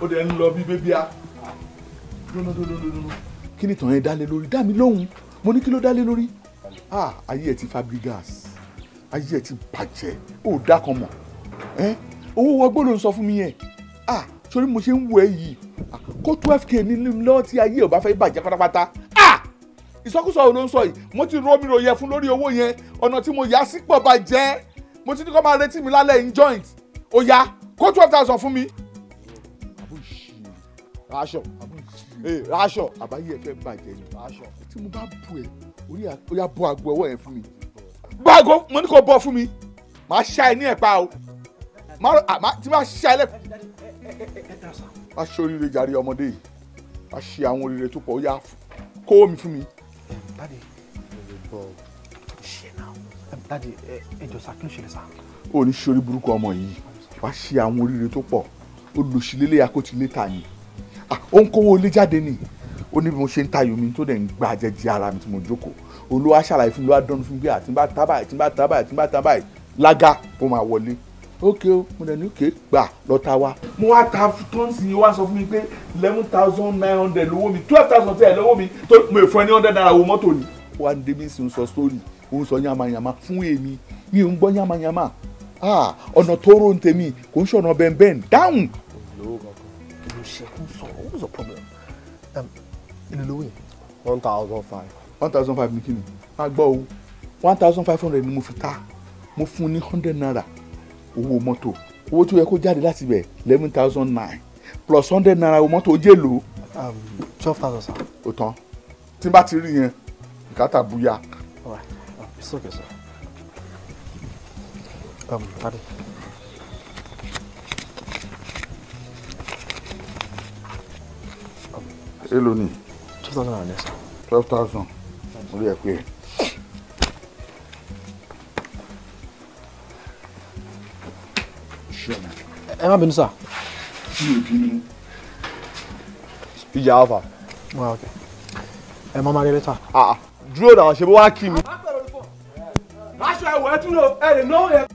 ó dẹ̀ ń lọ bí bébí a dúnúdúnúdúnú. kí ni tàn yẹn dálé lórí dá mi lóhùn mo ní kí ló dálé lórí. ah ayé ẹ ti Fabregas ayé ẹ ti bàjẹ́ ó dá kan mọ̀ ẹ́ owó wọgbọ́n ló ń sọ fún mi yẹn ah sórí mo ṣe ń wọ ẹ yìí ah, kó twelve k nínú lọ́wọ́ tí ayé ò bá fẹ́ bàjẹ́ pátápátá ah ìsọkúsọ ò ló ń sọ yìí mo ti rọ mi ròyìn fún lórí owó yẹn ọ̀nà tí mo yá sí pọ̀ bàjẹ́ mo ti ní kó máa retí mi lálẹ́ in joint ó yá kó twelve thousand fún mi. aṣọ eh, aṣọ àbáyé ẹ fẹ́ bàjẹ́ ni aṣọ tí mo bá bu ẹ orí ó yá bọ àgbo ọwọ́ yẹn fún mi gbàgbọ́ mo ní kó bọ́ fún mi màá ṣá ẹ ní ẹ̀pá o má tí má ṣe alẹ́. aṣọ oríire jàre ọmọdé yìí a ṣe àwọn oríire tó pọ̀ ó yá kó omi fún mi. dadi bọ ṣe náà dadi ẹjọ sá kí ló ṣẹlẹ̀ sá. ó ní sori burúkú ọmọ yìí wàá ṣe àwọn oríire tó pọ̀ olùsílélẹ̀ akótilé ta yìí ah, ó ń kówó ilé jáde ni ó ní bí mo ṣe ń tayò mi tó dẹ̀ ń gba jẹjẹ ara mi tí mo jókòó olúwa ṣàlàyé fún mi ló wá fún mi pé àtìmbá tábàyì àtìmbá tábàyì lága ó máa wọlé ókè o mo dẹ̀ ní òkè gbà lọ́ta wa. mo wá ta tọ́ǹsì yìí wá sọ fún mi pé eleven thousand nine hundred lówó mi twelve thousand ten lówó mi tó mo fún ẹ ní hundred naira owó mọ́tò ni. wà á débi sí n sọ sórí òun sọ yamayama fún èmi mi ò ń gbọ́ yamayama ah, ọ̀nà tó rò ń tèmi kò ń ṣọ̀nà bẹ́ẹ̀nbẹ́ẹ̀n dáhùn. olówó kankan ló what was the problem? ilé lówó yẹn one thousand five. one thousand five ní kíni? a gbọ́ o one thousand five hundred ni mo fi ta mo fún ní hundred naira owó mọ́tò owó tó yẹ kó jáde láti bẹ̀ eleven thousand nine plus hundred naira owó mọ́tò ojé lò. Um, twelve thousand sir. o tán tí n bá ti rí yẹn kàtà búyà. Um, it's okay sir. Um, pardon. èló ni. twelve thousand twelve thousand. mo rí ẹ pé. ẹ má bínú sà. mi ò Okay. ìyá alfa. ẹ máa ma rí lẹ́tà. Ah, ah. dúró náà ṣe bó wá kí mi. aṣọ ẹ̀wọ̀ ẹ tún lò ẹ lè náwó yẹn.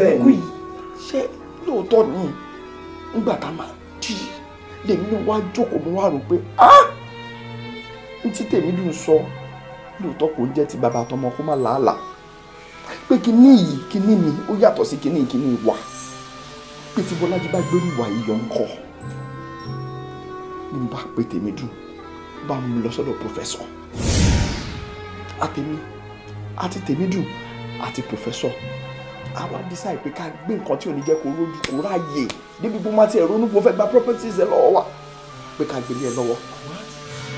bẹ́ẹ̀ ni ṣé lóòótọ́ ni nígbà tá a máa jí lèmi náà wá jókòó mo wá rò pé ah! n tí tèmi dùn sọ lóòótọ́ kò ń jẹ́ ti bàbá àtọmọ kó má làálàá pé kinní yìí kinní mi ó yàtọ̀ sí kinní kinní wa pé tí Bọ́lájí bá gbérù wà yìí yọ ń kọ́ ni mo bá pè tèmi dùn bá mi lọ sọ́dọ̀ pòfẹ́sọ̀ àtèmi àti tèmi dùn àti pòfẹ́sọ̀ a wá decide pé ká gbé nǹkan tí ò ní jẹ́ kó rójú kó ráàyè débi bó má tiẹ̀ ronú bó fẹ́ gba properties ẹ lọ́wọ́ wa pé ká gbélé ẹ lọ́wọ́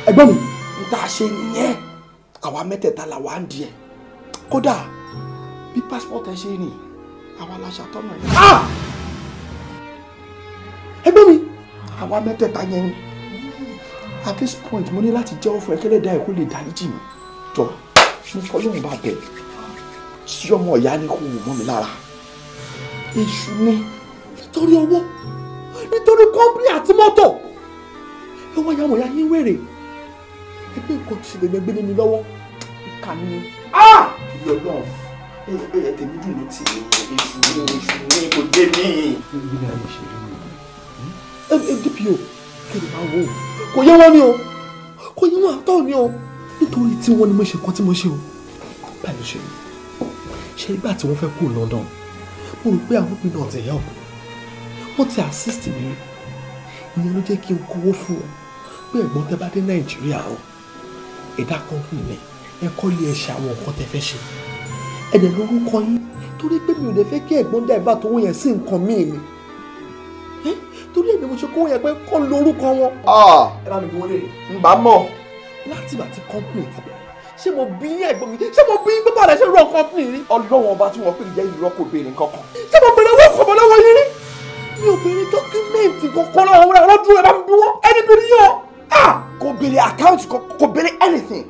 ẹgbọ́n mi n ta ṣe nìyẹn àwa mẹ́tẹ̀ẹ̀ta là wá ń di ẹ̀ kódà bí passport ẹ ṣe ni àwa la ṣàtọ́nà yẹn. Ah! ẹgbọ́n mi àwa mẹ́tẹ̀ẹ̀ta yẹn ni at this point mo ní láti jẹ́ ọ̀fọ̀ ẹ̀kẹ́lẹ́dà ẹ̀kọ́ lè dáríjì mi jọ mo fọlọ́run bá bẹ̀rẹ̀ tí ọmọ ìyá ní kò mọ́ mi lára èṣù ni nítorí owó nítorí kọ́ńpì àti mọ́tò ẹ ìyá ọmọ yín wèrè ẹgbẹ́ nǹkan tó ṣe gbẹgbẹ́ lé mi lọ́wọ́ ìka ni. Ah! ìyá ọlọ́run ẹ tẹ̀mí dùn ló ti èṣù ni èṣù ni kò dé mí. ẹ ẹ dpo kí ni máa wò kò yẹ wọn ni o kò yẹ wọn àtọ ni o nítorí tí wọn ni mo ṣe kan tí mo ṣe o báyìí ló ṣe yìí ṣe nígbà tí wọ́n fẹ́ kú London mo rò pé àwọn obìnrin náà ti help wọ́n ti assist mi ìyẹn ló jẹ́ kí n kówó fún ọ pé ẹ̀gbọ́n tẹ bá dé Nàìjíríà o ẹ̀dá company rẹ̀ ẹ kọ́lé ẹ ṣe àwọn nǹkan tẹ fẹ́ ṣe ẹ̀dẹ̀ lórúkọ yín torí pé mi ò lè fẹ́ kí ẹ̀gbọ́n dá ìbá tó wọ́n yẹn sí nǹkan míì ni torí ẹ̀mí mo ṣe kó yẹn pé kọ́ lórúkọ wọn. Ah! ẹ bá mi bí wọ́n lè. n bá mọ̀. láti ìgbà company ti bẹ̀rẹ̀ ṣé mo bí ẹ̀gbọ́n mi ṣé mo bí bàbá rẹ̀ ṣe rọ nǹkan fún yìí. ọlọ́wọ́n ọba tí wọ́n pè jẹ́ ìrọ́ kò béèrè nǹkan kan. ṣé mo béèrè owó kọ̀ọ̀mọ́ lọ́wọ́ yín rí. mi ò béèrè dọ́kímẹ́ǹtì kankan lọ́wọ́ wọn lọ́dún rẹ̀ bá mi dúró ẹni bèrè yọ. Ah! kò béèrè àkáǹtì kò béèrè anything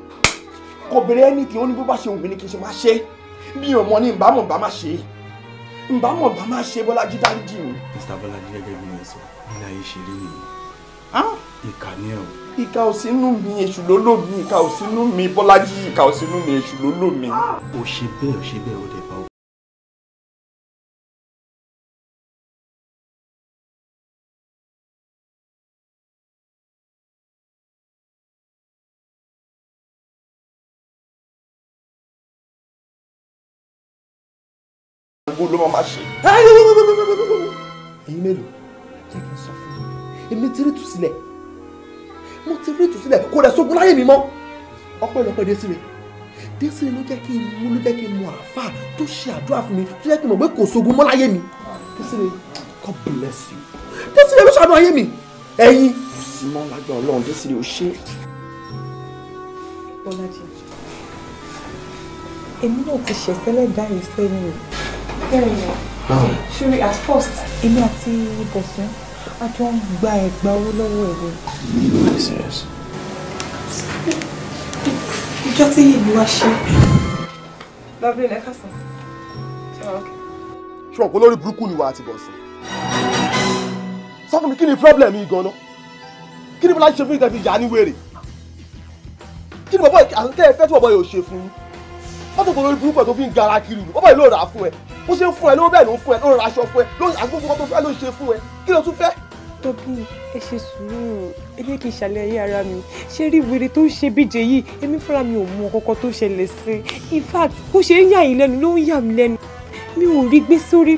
kò béèrè anything ó ní bó bá ṣe wù mí ni kì í ṣe máa ṣe mi ò mọ ní ìbámu ìbámu ṣe ìbámu ìbámu ṣe bọ́lájí dáríjì mi. Mr. Bọ́lájí gẹ́gẹ́ bí mo sọ ilé ayé ṣe rí nìyí ìkànnì ẹ̀ o ìka ò sínú mi èṣù ló lò mí ìka ò sínú mi bọ́lájí ìka ò sínú mi èṣù ló lò mí. ó ṣe bẹ́ẹ̀ ó ṣe bẹ́ẹ̀ ó dẹ̀ bá o. ló máa ṣe. ẹ̀yin mélòó jẹ́ kí n sọ fún yín èmi tí rí tù sílẹ̀ mo ti rí ìtúsílẹ̀ kò rẹ̀ sógun láyé mi mọ́ ọpẹ́lọpẹ́ Désiré Désiré ló jẹ́ kí n mú ló jẹ́ kí n mú àáfàá tó ṣe àdúrà fún mi tó jẹ́ kí n mọ̀ pé kò sógun mọ́ láyé mi Désiré God bless you Désiré ló ṣàánú ayé mi ẹ̀yin. simọ́ lágbà ọlọ́run Désiré ò ṣe. Bọ́lájí èmi náà ti ṣẹ̀sẹ́lẹ̀ dá ìsẹ́yìn rẹ̀ bẹ́ẹ̀ ni ṣùgbọ́n at first èmi àti bọ̀sùn a jọ ń gba ẹ̀gbà owó lọ́wọ́ ẹ̀rọ. ìjọ tí yìí wá ṣe. lọ́bìnrin lẹ́ka sàn. ṣùgbọ́n kò lórí burúkú ni wà á ti bọ̀ sí. sọ fún mi kí ni problem yìí gan-an kí ni bọ́lá ṣe fún ìtẹ̀fi yà á ní wèrè kí ni bàbá àtúntẹ̀ ẹ̀fẹ́ tí bàbá yóò ṣe fún yín wọ́n tó kọ́ lórí burúkú ẹ̀ tó fi ń gara kiri bàbá yìí ló rà á fún ẹ bó ṣe ń fún ẹ ló bẹ́ẹ̀ ló ń fún ẹ ló ń ra aṣọ fún ẹ ló ń àgbófin kan tó fẹ́ ló ń ṣe fún ẹ kí ló tún fẹ́ tọ́bù ẹ ṣe sùúrù ẹ jẹ́ kí n ṣàlàyé ara mi ṣé rí wèrè tó ń ṣe bíje yìí èmi fúnra mi ò mọ kọ́kọ́ tó ṣẹlẹ̀ sí in fact bó ṣe ń yà yín lẹ́nu ló ń yà mí lẹ́nu mi ò rí gbé sórí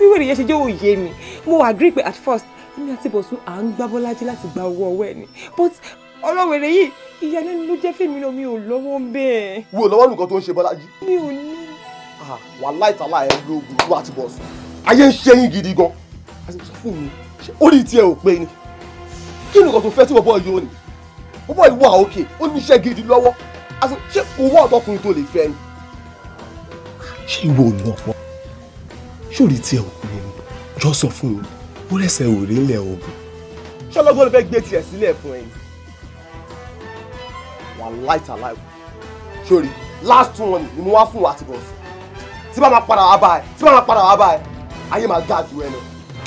bí wèrè yẹn ṣe jẹ́ òye mi mo agree pé at first èmi àti bọ̀sùn à ń gbá bọ́lájí láti gba owó ọwọ́ ẹ̀ ni but ọ̀rọ̀ wèrè yìí ìyàlẹ́nu ló jẹ́ fèmí náà mi ò lọ́wọ́ ń bẹ́ẹ̀. wo lọ́wọ́ nǹkan tó ń ṣe bọ́lájí. mi ò ní. Ah, wàhálà ìtàlá ẹ lóògùn tó àti bọ̀sùn ayé ń ṣe yín gidi gan. a sì sọ fún mi ó rí tiẹ̀ ò pé ni kí ni nǹkan tó fẹ́ tí bọ̀bọ̀ yìí ó ní bọ̀bọ̀ yìí wà òkè ó ní iṣẹ́ gidi lọ́wọ́ àti ṣé owó ọ̀dọ́kùnrin tó lè fẹ́ ni. ṣé ìwọ ò lọ pọ ṣé ò rí tiẹ̀ ò pé ni jọ sọ fún mi ó rẹsẹ̀ ò rí ilẹ̀ ogun. ṣọlọ́gbọ́n ló fẹ́ gbé tiẹ̀ sílẹ̀ fún ẹni wà láìta láìpẹ́ sórí last one ni mo wá fún wa àti bọ̀ọ̀sì tí bá máa padà wá báyìí tí bá máa padà wá báyìí ayé máa ga jù ẹ lọ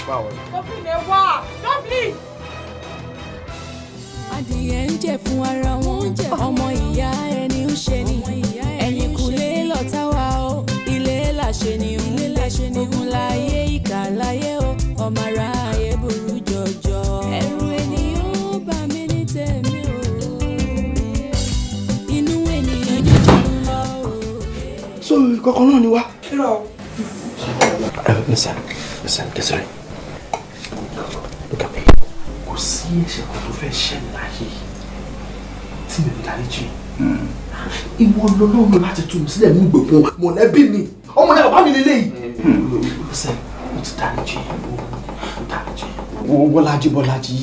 báwo ni. Dublin ẹ adìyẹ ń jẹ fún ara wọn ọmọ ìyá ẹni ń ṣe ni ẹ̀yìn kùlé lọ̀tá wa o ilé làṣẹ ni ń ogun láyé ìkà láyé o ọmọ ara ayé burú jọjọ. ẹrù ènìyàn ó bà mí ní tèmi o inú ènìyàn jíjọ ń lọ o. so ìkọkọ náà ni wá. kí ló. listen listen Desiree. ẹ̀ṣẹ̀ kan tó fẹ́ ṣẹlẹ̀ láyé tí mi ò dáríjì hmm. ìwọ lọ́lọ́run láti tú mi sílẹ̀ ní ìgbèkùn mọ̀lẹ́bí mi ọmọ náà bá mi lélẹ́yìí. olùsẹ̀ hmm. mo ti dáríjì dáríjì. wo bọ́lájí bọ́lájí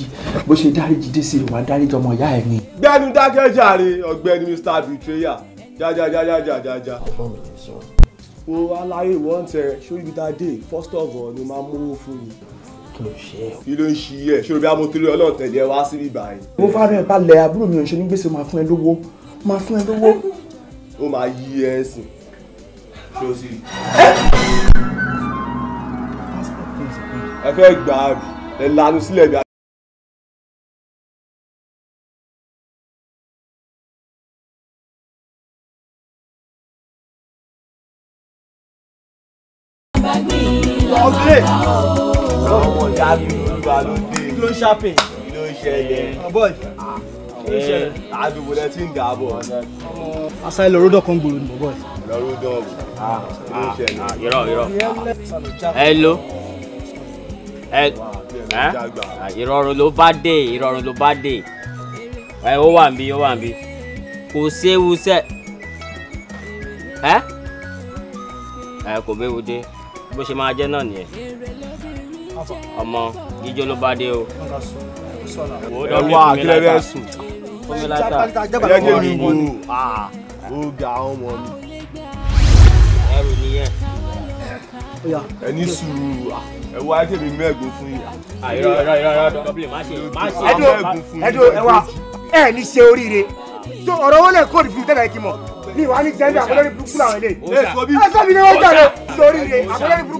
bó ṣe dáríjì dé sí ìwà dáríjì ọmọ ìyá ẹ̀ ni. gbẹ́nu dákẹ́ jàre ọ̀gbẹ́ni mr betrayer jajajajajajaja. ọlọ́run mi sọ. wo aláyé wọ́n ń tẹ̀rẹ̀ ṣó ibi tá a dé first of all ni máa mówó fún mi kí ló ń ṣe ẹ. kí ló ń ṣe bí a mo torí ọlọ́run tẹ̀lé ẹ wá sí ibà yìí. mo fara ẹ̀ balẹ̀ àbúrò mi ò ṣe ní gbèsè máa fún ẹ lówó máa fún ẹ lówó. ó máa yí ẹ sìn. ẹ fẹ́ gbà á ẹ lanu sílẹ̀ bí a. happened? ló ṣẹlẹ̀. ọ̀bọ̀d oh, ló ah, ṣẹlẹ̀. Eh, àdùbò lẹ ti ń dà á bọ̀. asáré lọ ròdọ̀ kan gbòòrò nìbọ̀ bọ̀d. lọ ròdọ̀ o ah, ló ah, ah, irọ́ irọ́ hello Hello. ìrọ̀rùn ló bá dé ìrọ̀rùn ló bá dé ẹ ó wà níbí ó wà níbí kò séwu sẹ ẹ ẹ kò béwu dé bó ṣe máa jẹ náà nìyẹn ọmọ jíjọ ló bá dé o. ẹwà kílẹ̀ bẹ́ẹ̀ sùn. fúnmi láta ẹ̀jẹ̀ mi wò ah. ó ga àwọn ọmọ mi. ẹrù nìyẹn ẹni sùúrù ẹwà ẹjẹ mi mẹ́ẹ̀gùn fún yìí. àìrọ ìrọ ìrọ dọ́bìlì má ṣe má ṣe. ẹdùn ẹdùn ẹwà ẹ ní ṣe oríire tó ọ̀rọ̀ wọn lè kóòdù fún tẹ́lẹ̀ kí mọ̀ ní ìwà ní sẹ́ńdẹ̀ àbọ̀lẹ́rì ni wọ́n jà lọ sóríire àbọ̀lẹ́rì burúkú.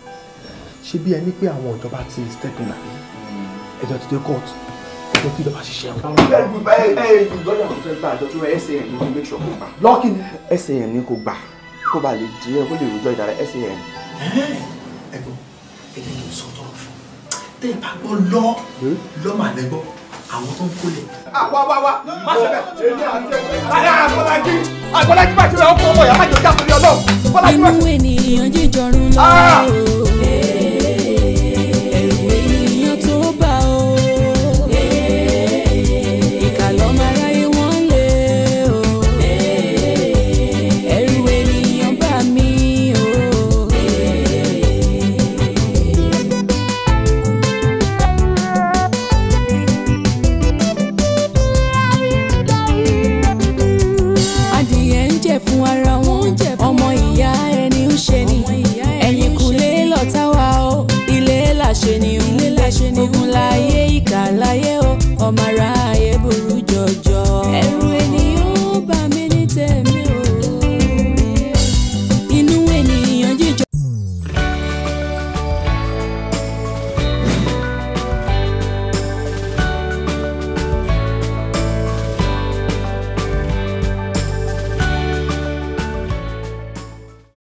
ṣe bí ẹni pé àwọn ìjọba ti step in àbí ẹjọ́ ti dé court ẹjọ́ kí ìjọba ṣiṣẹ́ wọn. bẹ́ẹ̀ ni bá ẹ ẹ ìjọba tó fẹ́ gbà àjọ tó rẹ san ní kò make sure kó gbà. lọ́ọ̀kì ni. san ní kò gbà kó ba lè di ẹ kó lè rojọ́ ìdára san. ẹ̀gbọ́n ẹgbẹ́ kì í sọ tọrọ fún tẹ ẹ bá gbọ́ lọ hmm? lọ mà lẹgbọ àwọn tó ń kólẹ. àwa wa wa má ṣe bẹ́ẹ̀ àgbọ̀lájí àgbọ̀lájí bá ṣe bẹ́ẹ̀ ọkọ̀ ọmọ yàrá ìjọba ìjọba ọlọ́run. inú ènìyàn jíjọrun lọ́wọ́. Ah!